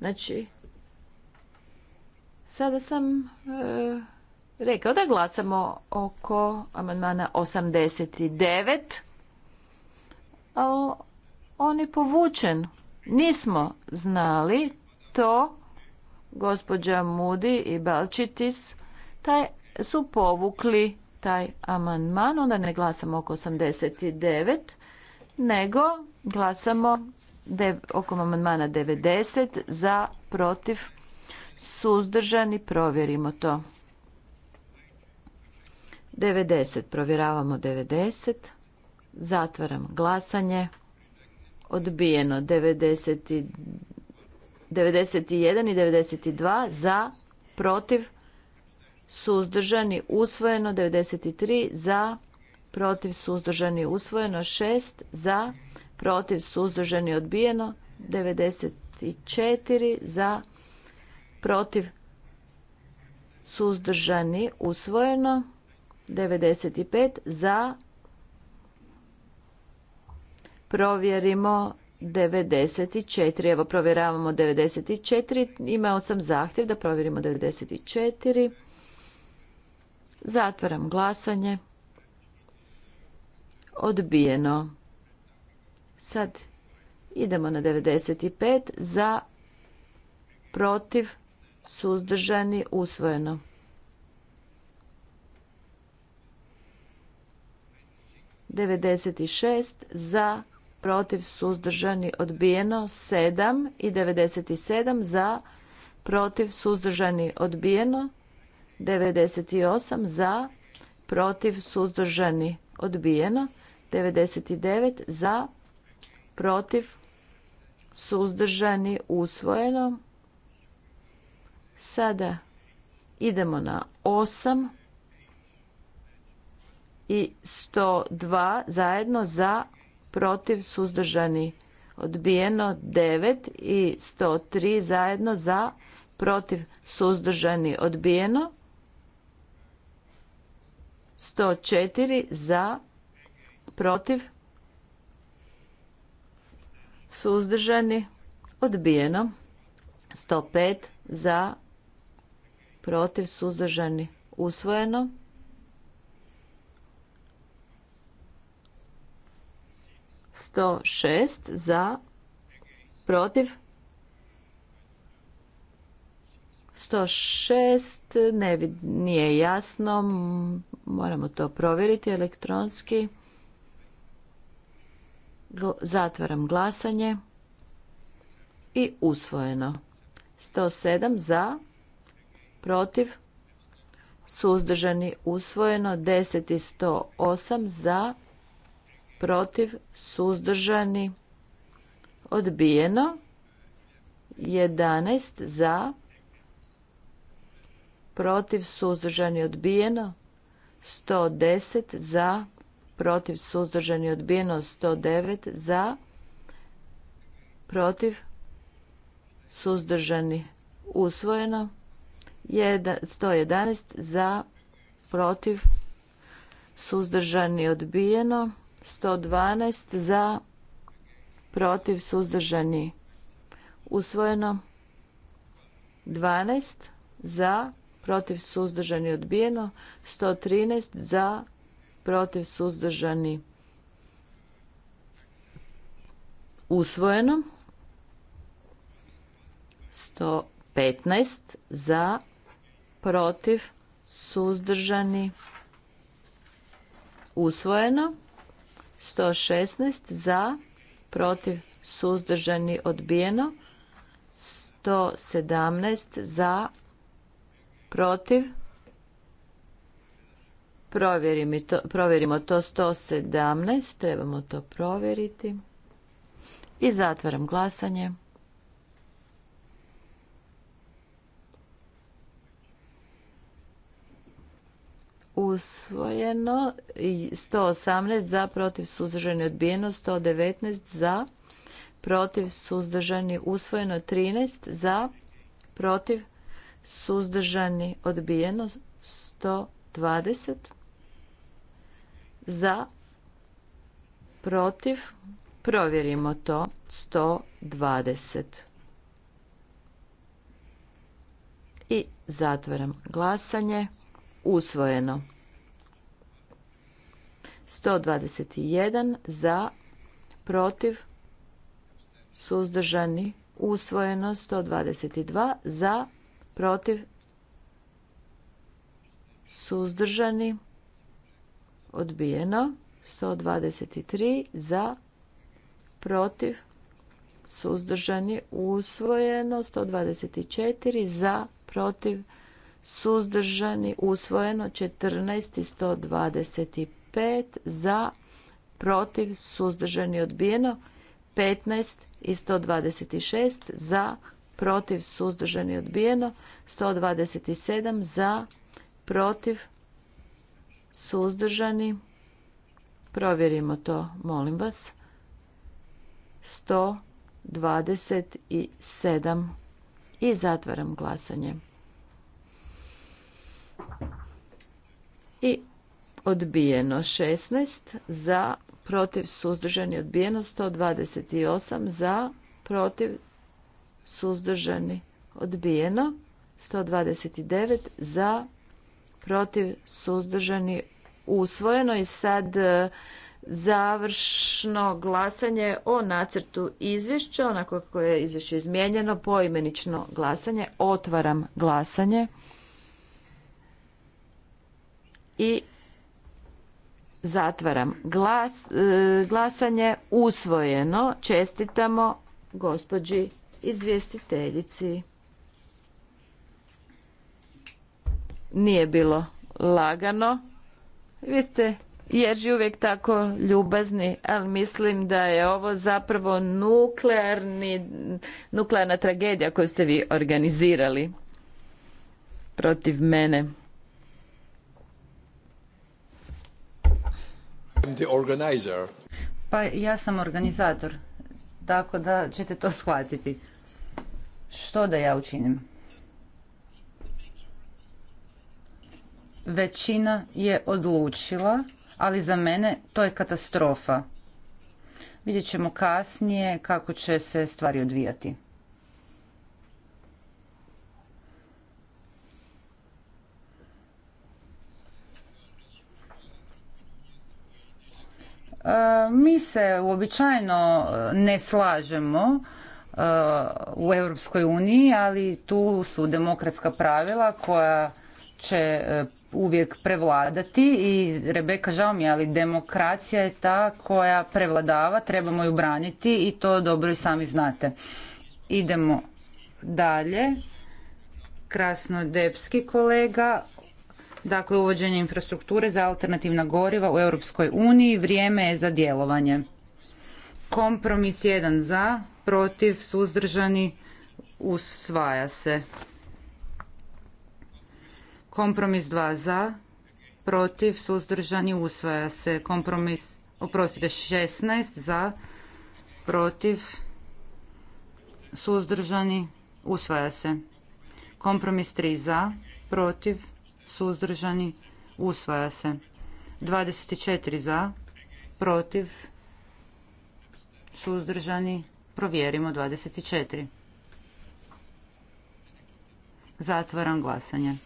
Znači, sada sam e, rekao da glasamo oko amandmana 89, ali on je povučen. Nismo znali to, gospođa Mudi i Balčitis taj, su povukli taj amandman, onda ne glasamo oko 89, nego glasamo oko amandmana 90 za protiv suzdržani provjerimo to 90 provjeravamo 90 zatvaram glasanje odbijeno 91 i 92 za protiv suzdržani usvojeno 93 za protiv suzdržani usvojeno 6 za protiv protiv, suzdržani, odbijeno. 94 za, protiv, suzdržani, usvojeno. 95 za, provjerimo 94. Evo provjeravamo 94. Imao sam zahtjev da provjerimo 94. Zatvaram glasanje. Odbijeno. Sad idemo na 95 za protiv suzdržani usvojeno. 96 za protiv suzdržani odbijeno 7 i 97 za protiv suzdržani odbijeno 98 za protiv suzdržani odbijeno 99 za protiv, suzdržani, usvojeno. Sada idemo na 8 i 102 zajedno za, protiv, suzdržani, odbijeno. 9 i 103 zajedno za, protiv, suzdržani, odbijeno. 104 za, protiv, suzdržani, odbijeno. 105 za, protiv, suzdržani, usvojeno. 106 za, protiv, 106, ne, nije jasno, moramo to provjeriti elektronski. Zatvaram glasanje. I usvojeno. 107 za, protiv, suzdržani, usvojeno. 10 i 108 za, protiv, suzdržani, odbijeno. 11 za, protiv, suzdržani, odbijeno. 110 za, protiv, suzdržani, odbijeno 109 za, protiv, suzdržani, usvojeno 111 za, protiv, suzdržani, odbijeno 112 za, protiv, suzdržani, usvojeno 12 za, protiv, suzdržani, odbijeno 113 za, protiv, suzdržani, usvojeno. 115 za, protiv, suzdržani, usvojeno. 116 za, protiv, suzdržani, odbijeno. 117 za, protiv, Provjerimo to, 117, trebamo to provjeriti. I zatvaram glasanje. Usvojeno 118 za, protiv suzdržani odbijeno, 119 za, protiv suzdržani usvojeno, 13 za, protiv suzdržani odbijeno, 120 za, protiv, provjerimo to, 120. I zatvaram glasanje, usvojeno. 121 za, protiv, suzdržani, usvojeno 122 za, protiv, suzdržani, odbijeno 123 za protiv suzdržani usvojeno 124 za protiv suzdržani usvojeno 14 i 125 za protiv suzdržani odbijeno 15 i 126 za protiv suzdržani odbijeno 127 za protiv suzdržani, provjerimo to, molim vas, 127 i zatvaram glasanje. I odbijeno 16 za, protiv, suzdržani, odbijeno 128 za, protiv, suzdržani, odbijeno 129 za, protiv, suzdržani, usvojeno. I sad e, završno glasanje o nacrtu izvješća, onako kako je izvješće izmijenjeno, poimenično glasanje. Otvaram glasanje. I zatvaram e, glasanje. Usvojeno. Čestitamo gospođi izvjestiteljici. nije bilo lagano. Vi ste ježi uvijek tako ljubazni, ali mislim da je ovo zapravo nuklearni, nuklearna tragedija koju ste vi organizirali protiv mene. Pa ja sam organizator, tako da ćete to shvatiti. Što da ja učinim? većina je odlučila, ali za mene to je katastrofa. Vidjet ćemo kasnije kako će se stvari odvijati. E, mi se uobičajeno e, ne slažemo e, u Europskoj uniji, ali tu su demokratska pravila koja će e, uvijek prevladati i Rebeka žao mi ali demokracija je ta koja prevladava, trebamo ju braniti i to dobro i sami znate. Idemo dalje. depski kolega, dakle uvođenje infrastrukture za alternativna goriva u Europskoj uniji, vrijeme je za djelovanje. Kompromis 1 za, protiv, suzdržani, usvaja se. Kompromis 2 za, protiv, suzdržani, usvaja se. Kompromis, oprostite, 16 za, protiv, suzdržani, usvaja se. Kompromis 3 za, protiv, suzdržani, usvaja se. 24 za, protiv, suzdržani, provjerimo 24. Zatvaram glasanje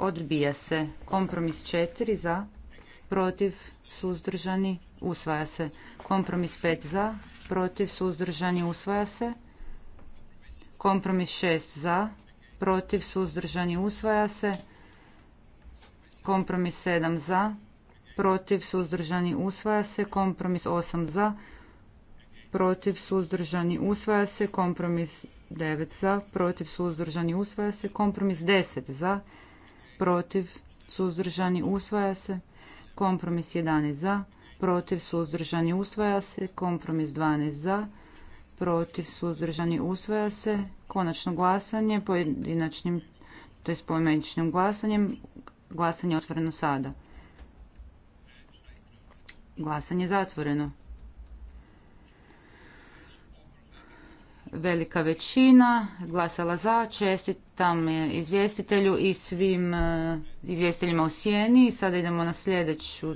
odbija se. Kompromis 4 za, protiv, suzdržani, usvaja se. Kompromis 5 za, protiv, suzdržani, usvaja se. Kompromis 6 za, protiv, suzdržani, usvaja se. Kompromis 7 za, protiv, suzdržani, usvaja se. Kompromis 8 za, protiv, suzdržani, usvaja se. Kompromis 9 za, protiv, suzdržani, usvaja se. Kompromis 10 za, protiv, suzdržani, usvaja se. Kompromis 11 za, protiv, suzdržani, usvaja se. Kompromis 12 za, protiv, suzdržani, usvaja se. Konačno glasanje pojedinačnim, to je poimeničnim glasanjem. Glasanje je otvoreno sada. Glasanje je zatvoreno. velika većina glasala za. Čestitam izvjestitelju i svim e, izvjestiteljima u sjeni. Sada idemo na sljedeću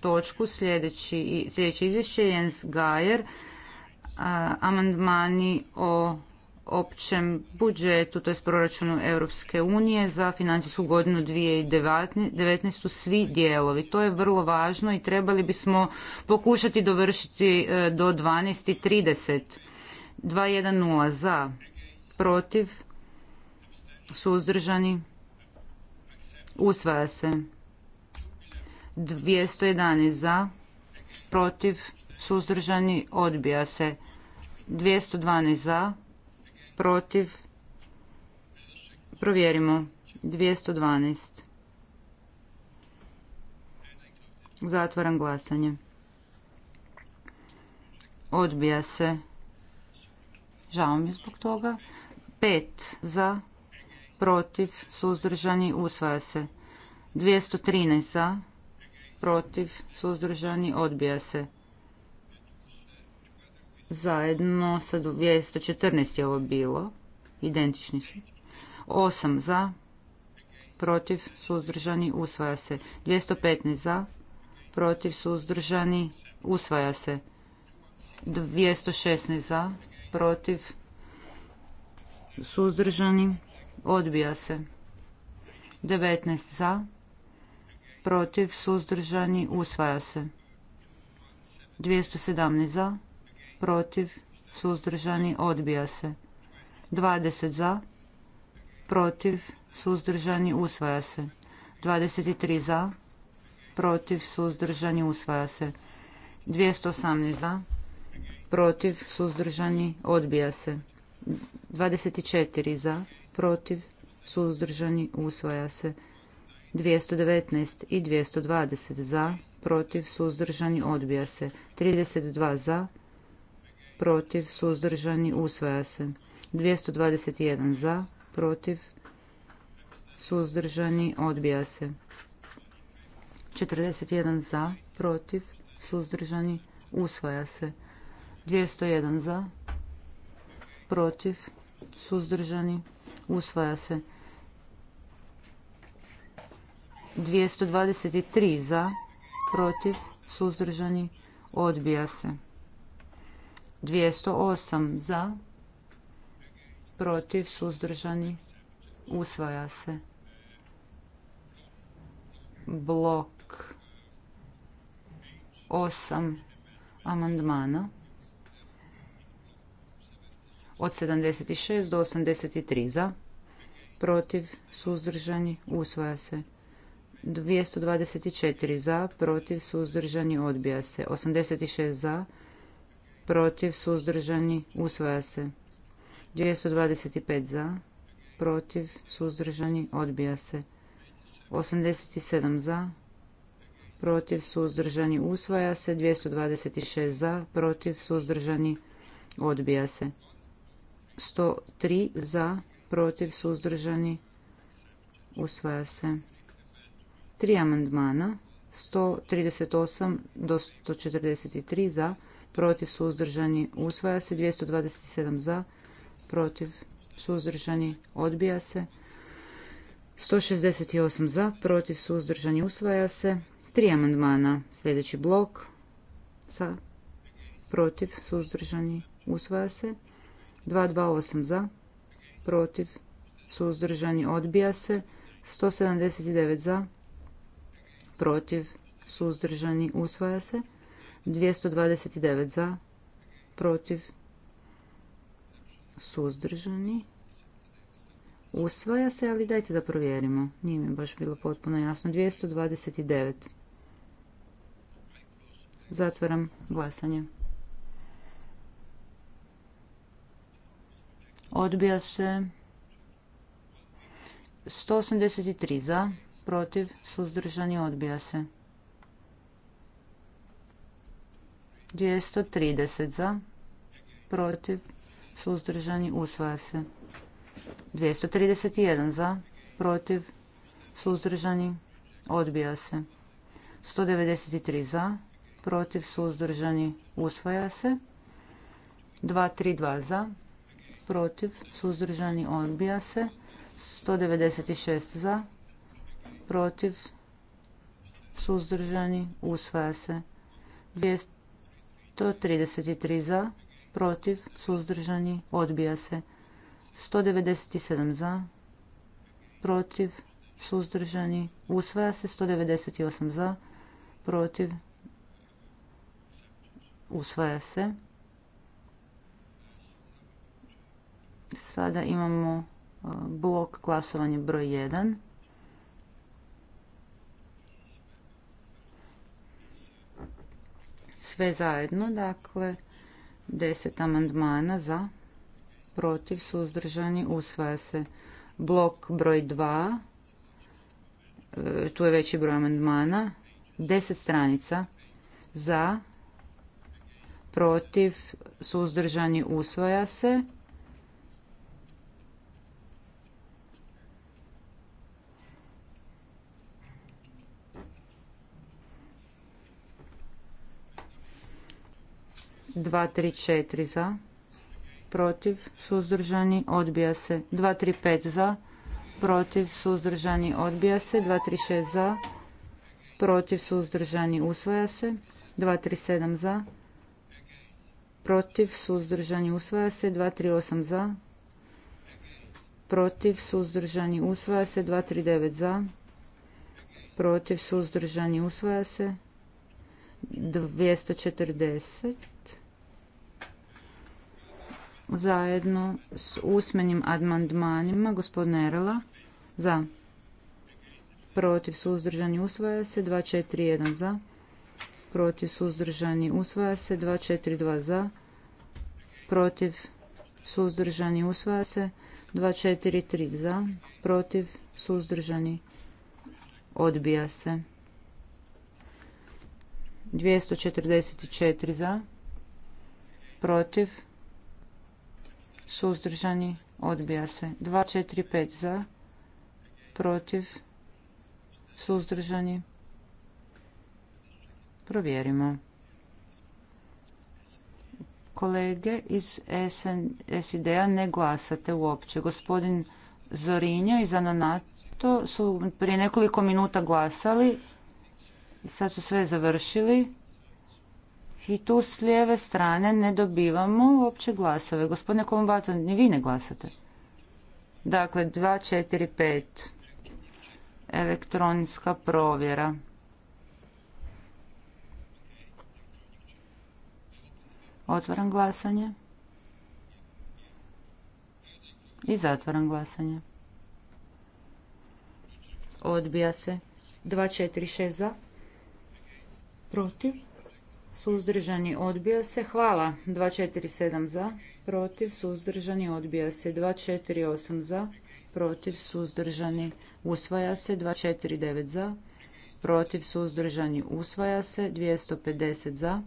točku, sljedeći, sljedeće izvješće Jens Gajer, e, amandmani o općem budžetu, to je proračunu Europske unije za financijsku godinu 2019. svi dijelovi. To je vrlo važno i trebali bismo pokušati dovršiti e, do 12.30 2-1-0 za, protiv, suzdržani, usvaja se. 211 za, protiv, suzdržani, odbija se. 212 za, protiv, provjerimo. 212. Zatvaram glasanje. Odbija se. Žao mi je zbog toga. 5 za, protiv, suzdržani, usvaja se. 213 za, protiv, suzdržani, odbija se. Zajedno sa 214 je ovo bilo. Identični su. 8 za, protiv, suzdržani, usvaja se. 215 za, protiv, suzdržani, usvaja se. 216 za, protiv, suzdržani, odbija se. 19 za, protiv, suzdržani, usvaja se. 217 za, protiv, suzdržani, odbija se. 20 za, protiv, suzdržani, usvaja se. 23 za, protiv, suzdržani, usvaja se. 218 za, protiv, suzdržani, odbija se. 24 za, protiv, suzdržani, usvaja se. 219 i 220 za, protiv, suzdržani, odbija se. 32 za, protiv, suzdržani, usvaja se. 221 za, protiv, suzdržani, odbija se. 41 za, protiv, suzdržani, usvaja se. 201 za, protiv, suzdržani, usvaja se. 223 za, protiv, suzdržani, odbija se. 208 za, protiv, suzdržani, usvaja se. Blok 8 amandmana od 76 do 83 za, protiv, suzdržani, usvaja se. 224 za, protiv, suzdržani, odbija se. 86 za, protiv, suzdržani, usvaja se. 225 za, protiv, suzdržani, odbija se. 87 za, protiv, suzdržani, usvaja se. 226 za, protiv, suzdržani, odbija se. 103 za, protiv, suzdržani, usvaja se. Tri amandmana, 138 do 143 za, protiv, suzdržani, usvaja se. 227 za, protiv, suzdržani, odbija se. 168 za, protiv, suzdržani, usvaja se. Tri amandmana, sljedeći blok, sa, protiv, suzdržani, usvaja se. 228 za, protiv, suzdržani, odbija se. 179 za, protiv, suzdržani, usvaja se. 229 za, protiv, suzdržani, usvaja se, ali dajte da provjerimo. Nije mi baš bilo potpuno jasno. 229. Zatvaram glasanje. Odbija se. 183 za, protiv, suzdržani, odbija se. 230 za, protiv, suzdržani, usvaja se. 231 za, protiv, suzdržani, odbija se. 193 za, protiv, suzdržani, usvaja se. 232 za, protiv, suzdržani, odbija se. 196 za, protiv, suzdržani, usvaja se. 233 za, protiv, suzdržani, odbija se. 197 za, protiv, suzdržani, usvaja se. 198 za, protiv, usvaja se. Sada imamo blok glasovanje broj 1. Sve zajedno, dakle, 10 amandmana za, protiv, suzdržani, usvaja se blok broj 2, e, tu je veći broj amandmana, 10 stranica za, protiv, suzdržani, usvaja se, 234 za, protiv, suzdržani, odbija se. 235 za, protiv, suzdržani, odbija se. 236 za, protiv, suzdržani, usvaja se. 237 za, protiv, suzdržani, usvaja se. 238 za, protiv, suzdržani, usvaja se. 239 za, protiv, suzdržani, usvaja se. 240 zajedno s usmenim amandmanima gospodina Erela za protiv suzdržani usvaja se 241 za protiv suzdržani usvaja se 242 za protiv suzdržani usvaja se 243 za protiv suzdržani odbija se 244 za protiv suzdržani, odbija se. 245 za, protiv, suzdržani. Provjerimo. Kolege iz SID-a ne glasate uopće. Gospodin Zorinja iz Ananato su prije nekoliko minuta glasali i sad su sve završili i tu s lijeve strane ne dobivamo uopće glasove. Gospodine Kolumbato, ni vi ne glasate. Dakle, 245. Elektronska provjera. Otvaram glasanje. I zatvaram glasanje. Odbija se. 246 za. Protiv. Suzdržani odbija se. Hvala. 247 za. Protiv. Suzdržani odbija se. 248 za. Protiv. Suzdržani usvaja se. 249 za. Protiv. Suzdržani usvaja se. 250 za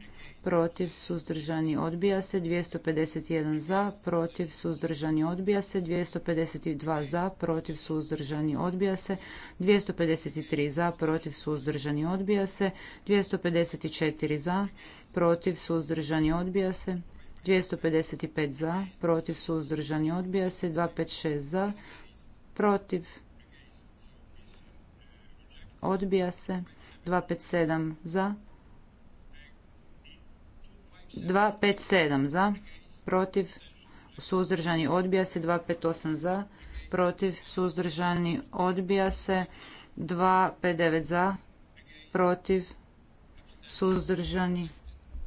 protiv suzdržani odbija se 251 za protiv suzdržani odbija se 252 za protiv suzdržani odbija se 253 za protiv suzdržani odbija se 254 za protiv suzdržani odbija se 255 za protiv suzdržani odbija se 256 za protiv odbija se 257 za 257 za, protiv, suzdržani, odbija se. 258 za, protiv, suzdržani, odbija se. 259 za, protiv, suzdržani,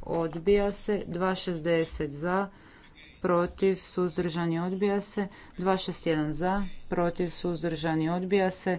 odbija se. 260 za, protiv, suzdržani, odbija se. 261 za, protiv, suzdržani, odbija se.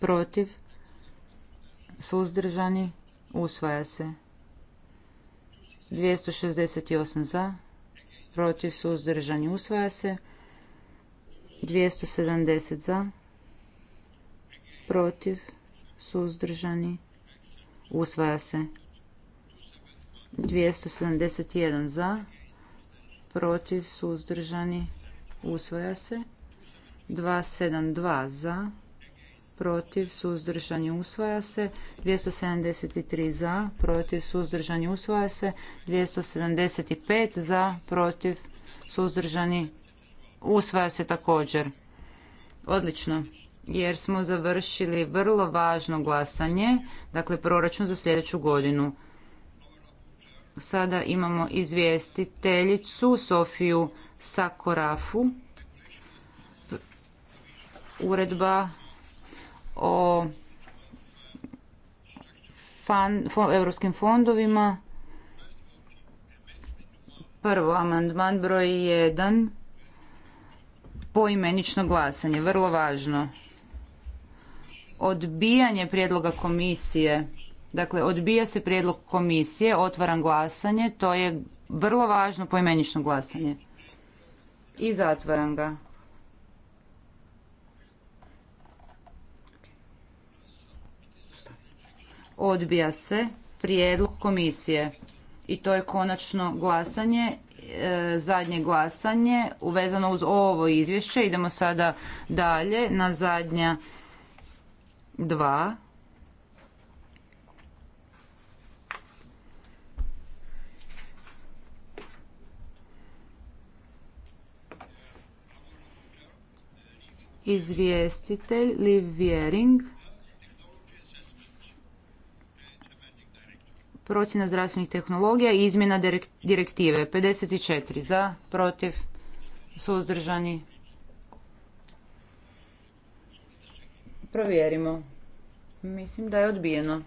protiv, suzdržani, usvaja se. 268 za, protiv, suzdržani, usvaja se. 270 za, protiv, suzdržani, usvaja se. 271 za, protiv, suzdržani, usvaja se. 272 za, protiv, suzdržani, usvaja se. 273 za, protiv, suzdržani, usvaja se. 275 za, protiv, suzdržani, usvaja se također. Odlično, jer smo završili vrlo važno glasanje, dakle proračun za sljedeću godinu. Sada imamo izvjestiteljicu Sofiju Sakorafu. Uredba o europskim fondovima. Prvo, amandman broj 1, poimenično glasanje, vrlo važno. Odbijanje prijedloga komisije, dakle odbija se prijedlog komisije, otvaram glasanje, to je vrlo važno poimenično glasanje. I zatvaram ga. odbija se prijedlog komisije i to je konačno glasanje e, zadnje glasanje uvezano uz ovo izvješće. Idemo sada dalje na zadnja dva. Izvjestitelj Liv Vjering. procjena zdravstvenih tehnologija i izmjena direktive. 54 za, protiv, suzdržani. Provjerimo. Mislim da je odbijeno.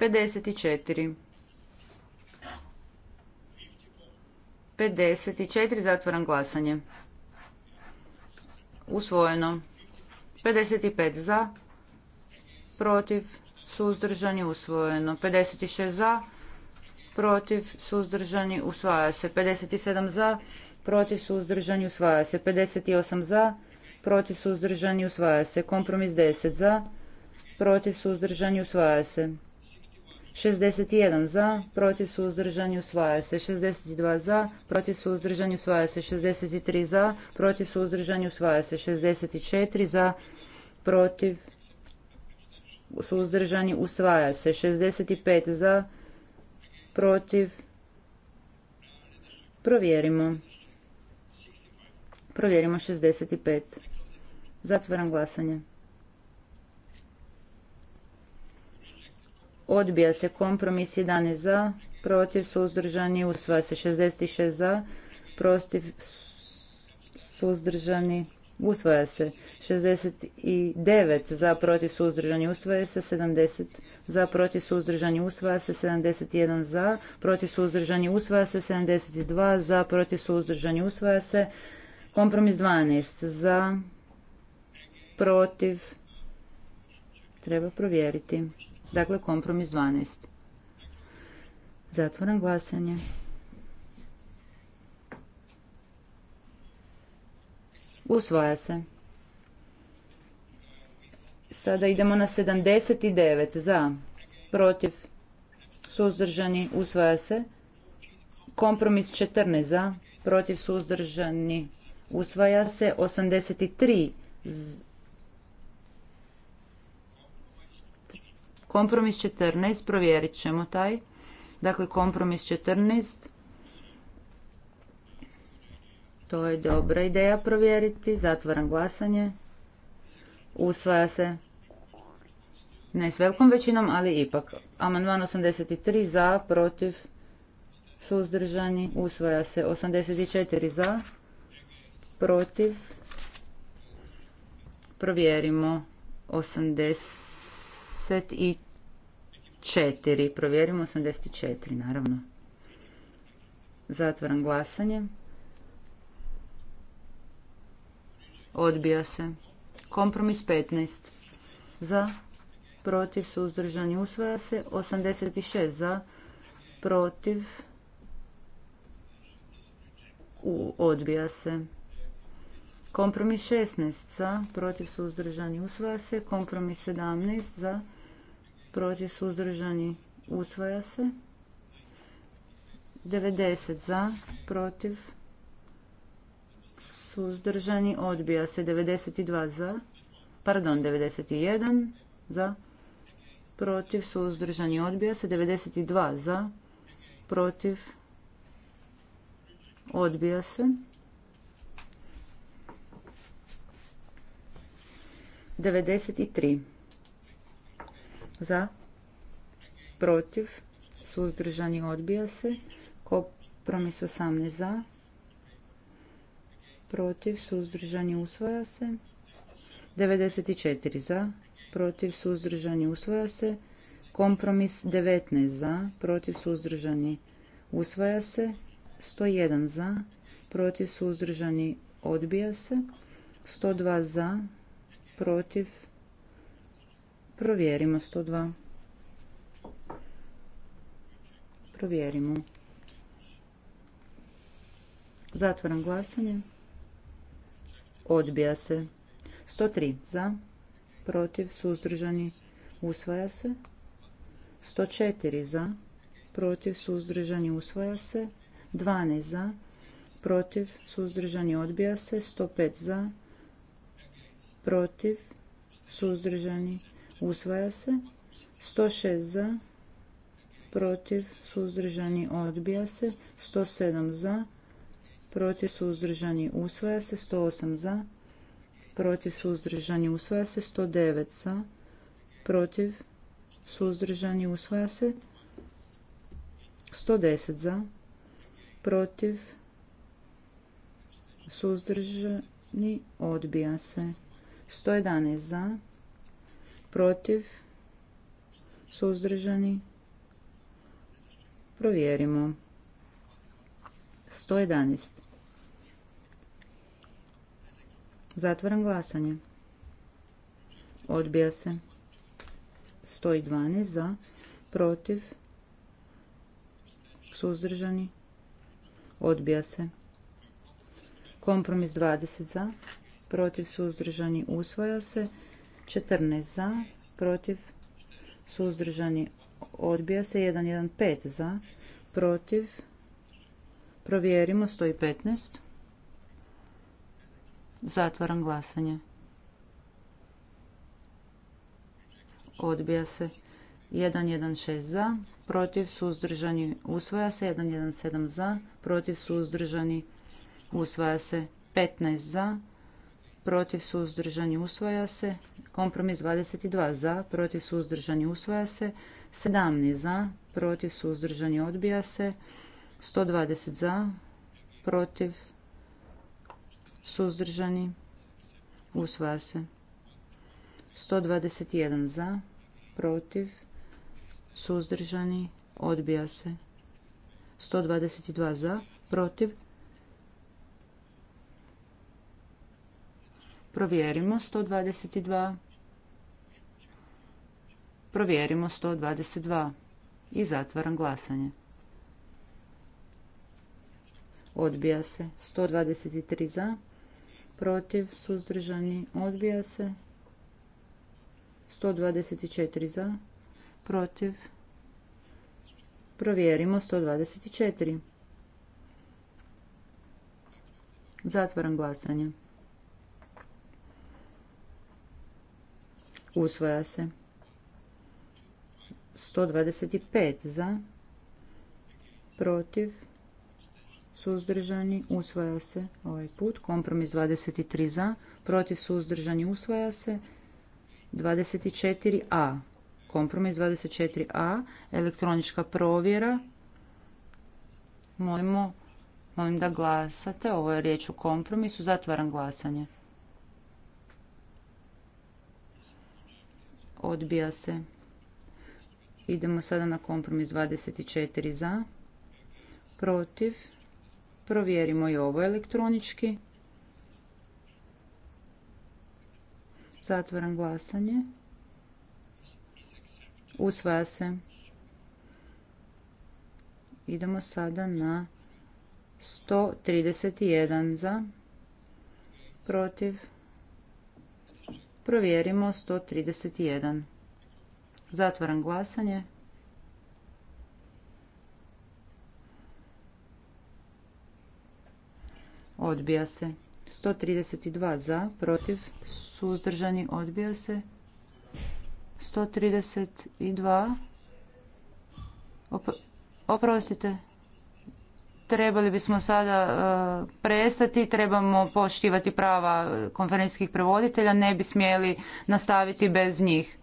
54. 54. Zatvoram glasanje. Usvojeno. 55 za, protiv, suzdržani, usvojeno. 56 za, protiv, suzdržani, usvaja se. 57 za, protiv, suzdržani, usvaja se. 58 za, protiv, suzdržani, usvaja se. Kompromis 10 za, protiv, suzdržani, usvaja se. 61 za, protiv suzdržani usvaja se, 62 za, protiv suzdržani usvaja se, 63 za, protiv suzdržani usvaja se, 64 za, protiv suzdržani, usvaja se. 65 za, protiv, provjerimo. Provjerimo 65. Zatvaram glasanje. Odbija se kompromis 11 za, protiv, suzdržani, usvaja se 66 za, protiv, suzdržani, usvaja se. 69 za protiv suzdržani usvaja se. 70 za protiv suzdržani usvaja se. 71 za protiv suzdržani usvaja se. 72 za protiv suzdržani usvaja se. Kompromis 12 za protiv treba provjeriti. Dakle, kompromis 12. Zatvaram glasanje. Usvaja se. Sada idemo na 79 za, protiv, suzdržani, usvaja se. Kompromis 14 za, protiv, suzdržani, usvaja se. 83 za... Kompromis 14, provjerit ćemo taj. Dakle, kompromis 14. To je dobra ideja provjeriti. Zatvaram glasanje. Usvaja se. Ne s velikom većinom, ali ipak. Amandman 83 za, protiv, suzdržani. Usvaja se 84 za, protiv. Provjerimo 84. Provjerimo 84, naravno. Zatvaram glasanje. Odbija se. Kompromis 15. Za. Protiv. Suzdržani. Usvaja se. 86. Za. Protiv. U, odbija se. Kompromis 16. Za. Protiv. Suzdržani. Usvaja se. Kompromis 17. Za. Protiv. Suzdržani. Usvaja se. 90. Za. Protiv suzdržani, odbija se 92 za, pardon, 91 za, protiv, suzdržani, odbija se 92 za, protiv, odbija se. 93 za, protiv, suzdržani, odbija se, kompromis 18 za, protiv, suzdržani, usvaja se. 94 za, protiv, suzdržani, usvaja se. Kompromis 19 za, protiv, suzdržani, usvaja se. 101 za, protiv, suzdržani, odbija se. 102 za, protiv, provjerimo 102. Provjerimo. Zatvoram glasanje. Odbija se. 103 za. Protiv. Suzdržani. Usvaja se. 104 za. Protiv. Suzdržani. Usvaja se. 12 za. Protiv. Suzdržani. Odbija se. 105 za. Protiv. Suzdržani. Usvaja se. 106 za. Protiv. Suzdržani. Odbija se. 107 za protiv suzdržani usvaja se 108 za, protiv suzdržani usvaja se 109 za, protiv suzdržani usvaja se 110 za, protiv suzdržani odbija se 111 za, protiv suzdržani provjerimo 111 Zatvoram glasanje. Odbija se. 112 za, protiv, suzdržani, odbija se. Kompromis 20 za, protiv, suzdržani, usvaja se. 14 za, protiv, suzdržani, odbija se. 115 za, protiv, provjerimo, 115. Zatvaram glasanje. Odbija se. 116 za, protiv suzdržani usvaja se. 117 za, protiv suzdržani usvaja se. 15 za, protiv suzdržani usvaja se. Kompromis 22 za, protiv suzdržani usvaja se. 17 za, protiv suzdržani odbija se. 120 za, protiv suzdržani, usvaja se. 121 za, protiv, suzdržani, odbija se. 122 za, protiv. Provjerimo 122. Provjerimo 122 i zatvaram glasanje. Odbija se 123 za, protiv, suzdržani, odbija se. 124 za, protiv, provjerimo 124. Zatvaram glasanje. Usvaja se. 125 za, protiv, suzdržani, usvaja se ovaj put. Kompromis 23 za, protiv suzdržani, usvaja se. 24a, kompromis 24a, elektronička provjera. Molimo, molim da glasate, ovo je riječ o kompromisu, zatvaram glasanje. Odbija se. Idemo sada na kompromis 24 za, protiv, Provjerimo i ovo elektronički. Zatvaram glasanje. Usvaja se. Idemo sada na 131 za, protiv, provjerimo 131. Zatvaram glasanje. Odbija se. 132 za, protiv, suzdržani, odbija se. 132. oprostite. Trebali bismo sada e, prestati, trebamo poštivati prava konferencijskih prevoditelja, ne bi smjeli nastaviti bez njih.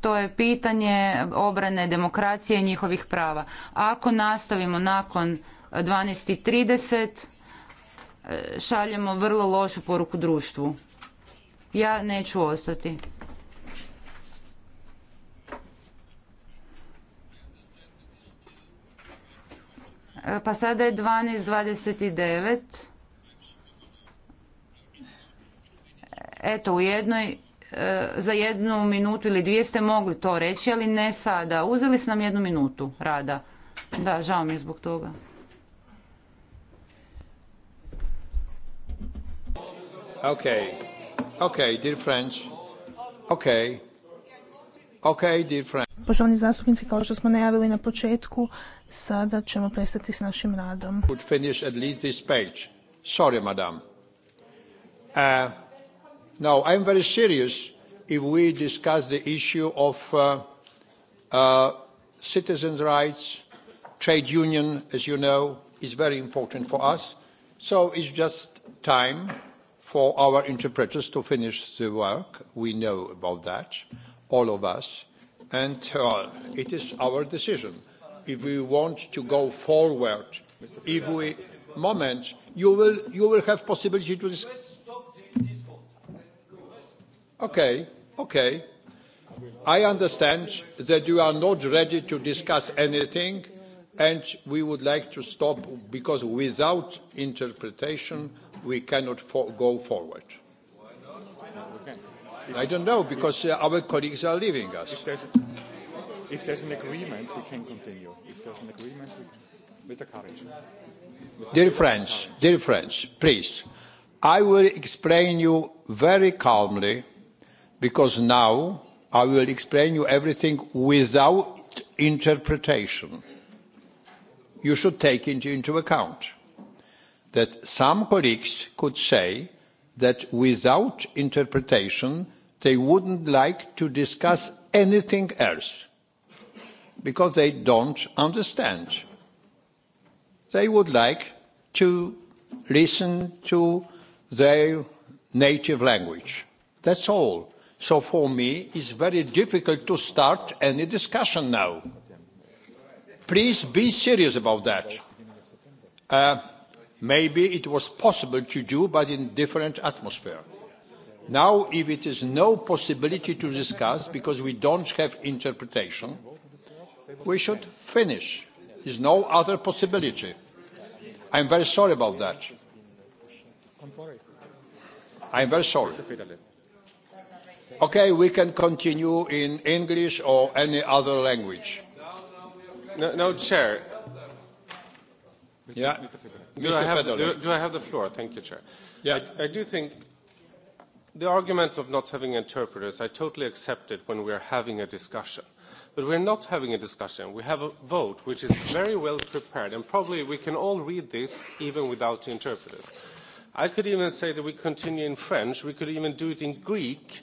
To je pitanje obrane demokracije i njihovih prava. Ako nastavimo nakon 12.30 E, šaljemo vrlo lošu poruku društvu. Ja neću ostati. E, pa sada je 12.29. Eto, u jednoj, e, za jednu minutu ili dvije ste mogli to reći, ali ne sada. Uzeli ste nam jednu minutu rada. Da, žao mi je zbog toga. Okay. Okay, dear friends. Okay. Okay, dear friends. Poštovani zastupnici, kao što smo najavili na početku, sada ćemo prestati s našim radom. Would finish at least this page. Sorry, madam. Uh, no, I'm very serious if we discuss the issue of uh, uh, citizens' rights, trade union, as you know, is very important for us. So it's just time for our interpreters to finish the work. We know about that, all of us. And uh, it is our decision. If we want to go forward, if we... Moment, you will, you will have possibility to... okay, okay. I understand that you are not ready to discuss anything and we would like to stop because without interpretation we cannot for go forward. I don't know, because uh, our colleagues are leaving us. If there's, if there's an agreement, we can continue. If there's an agreement, we Mr. Courage. Dear friends, dear friends, please, I will explain you very calmly, because now I will explain you everything without interpretation. You should take it into account that some colleagues could say that without interpretation they wouldn't like to discuss anything else because they don't understand. They would like to listen to their native language. That's all. So for me, it's very difficult to start any discussion now. Please be serious about that. Uh, Maybe it was possible to do, but in different atmosphere. Now, if it is no possibility to discuss because we don't have interpretation, we should finish. There is no other possibility. I am very sorry about that. I am very sorry. Okay, we can continue in English or any other language. No, no Chair, Mr. Yeah. Mr. Federer. Do, Mr. I have, Do, do I have the floor? Thank you, Chair. Yeah. I, I do think the argument of not having interpreters, I totally accept it when we are having a discussion. But we're not having a discussion. We have a vote which is very well prepared, and probably we can all read this even without interpreters. I could even say that we continue in French. We could even do it in Greek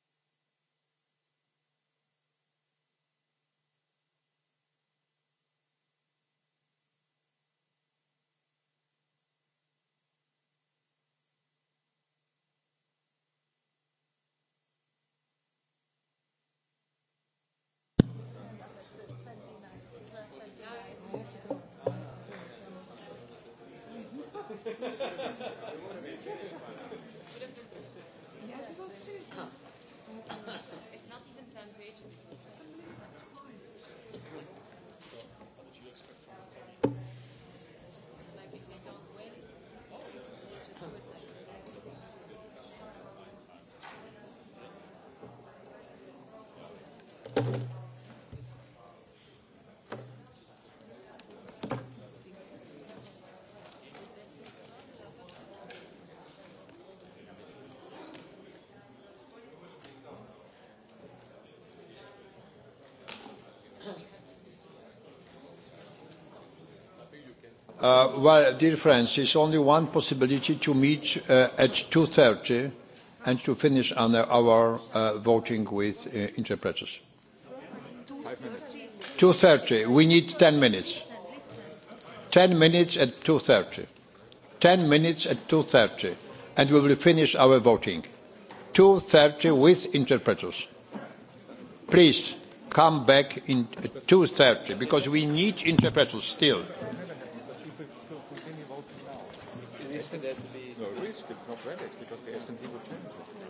Uh, well, dear friends, it's only one possibility to meet uh, at 2.30 and to finish on our uh, voting with uh, interpreters. 2.30. We need 10 minutes. 10 minutes at 2.30. 10 minutes at 2.30. And we will finish our voting. 2.30 with interpreters. Please come back in 2.30 because we need interpreters still. credit because the S&P would change.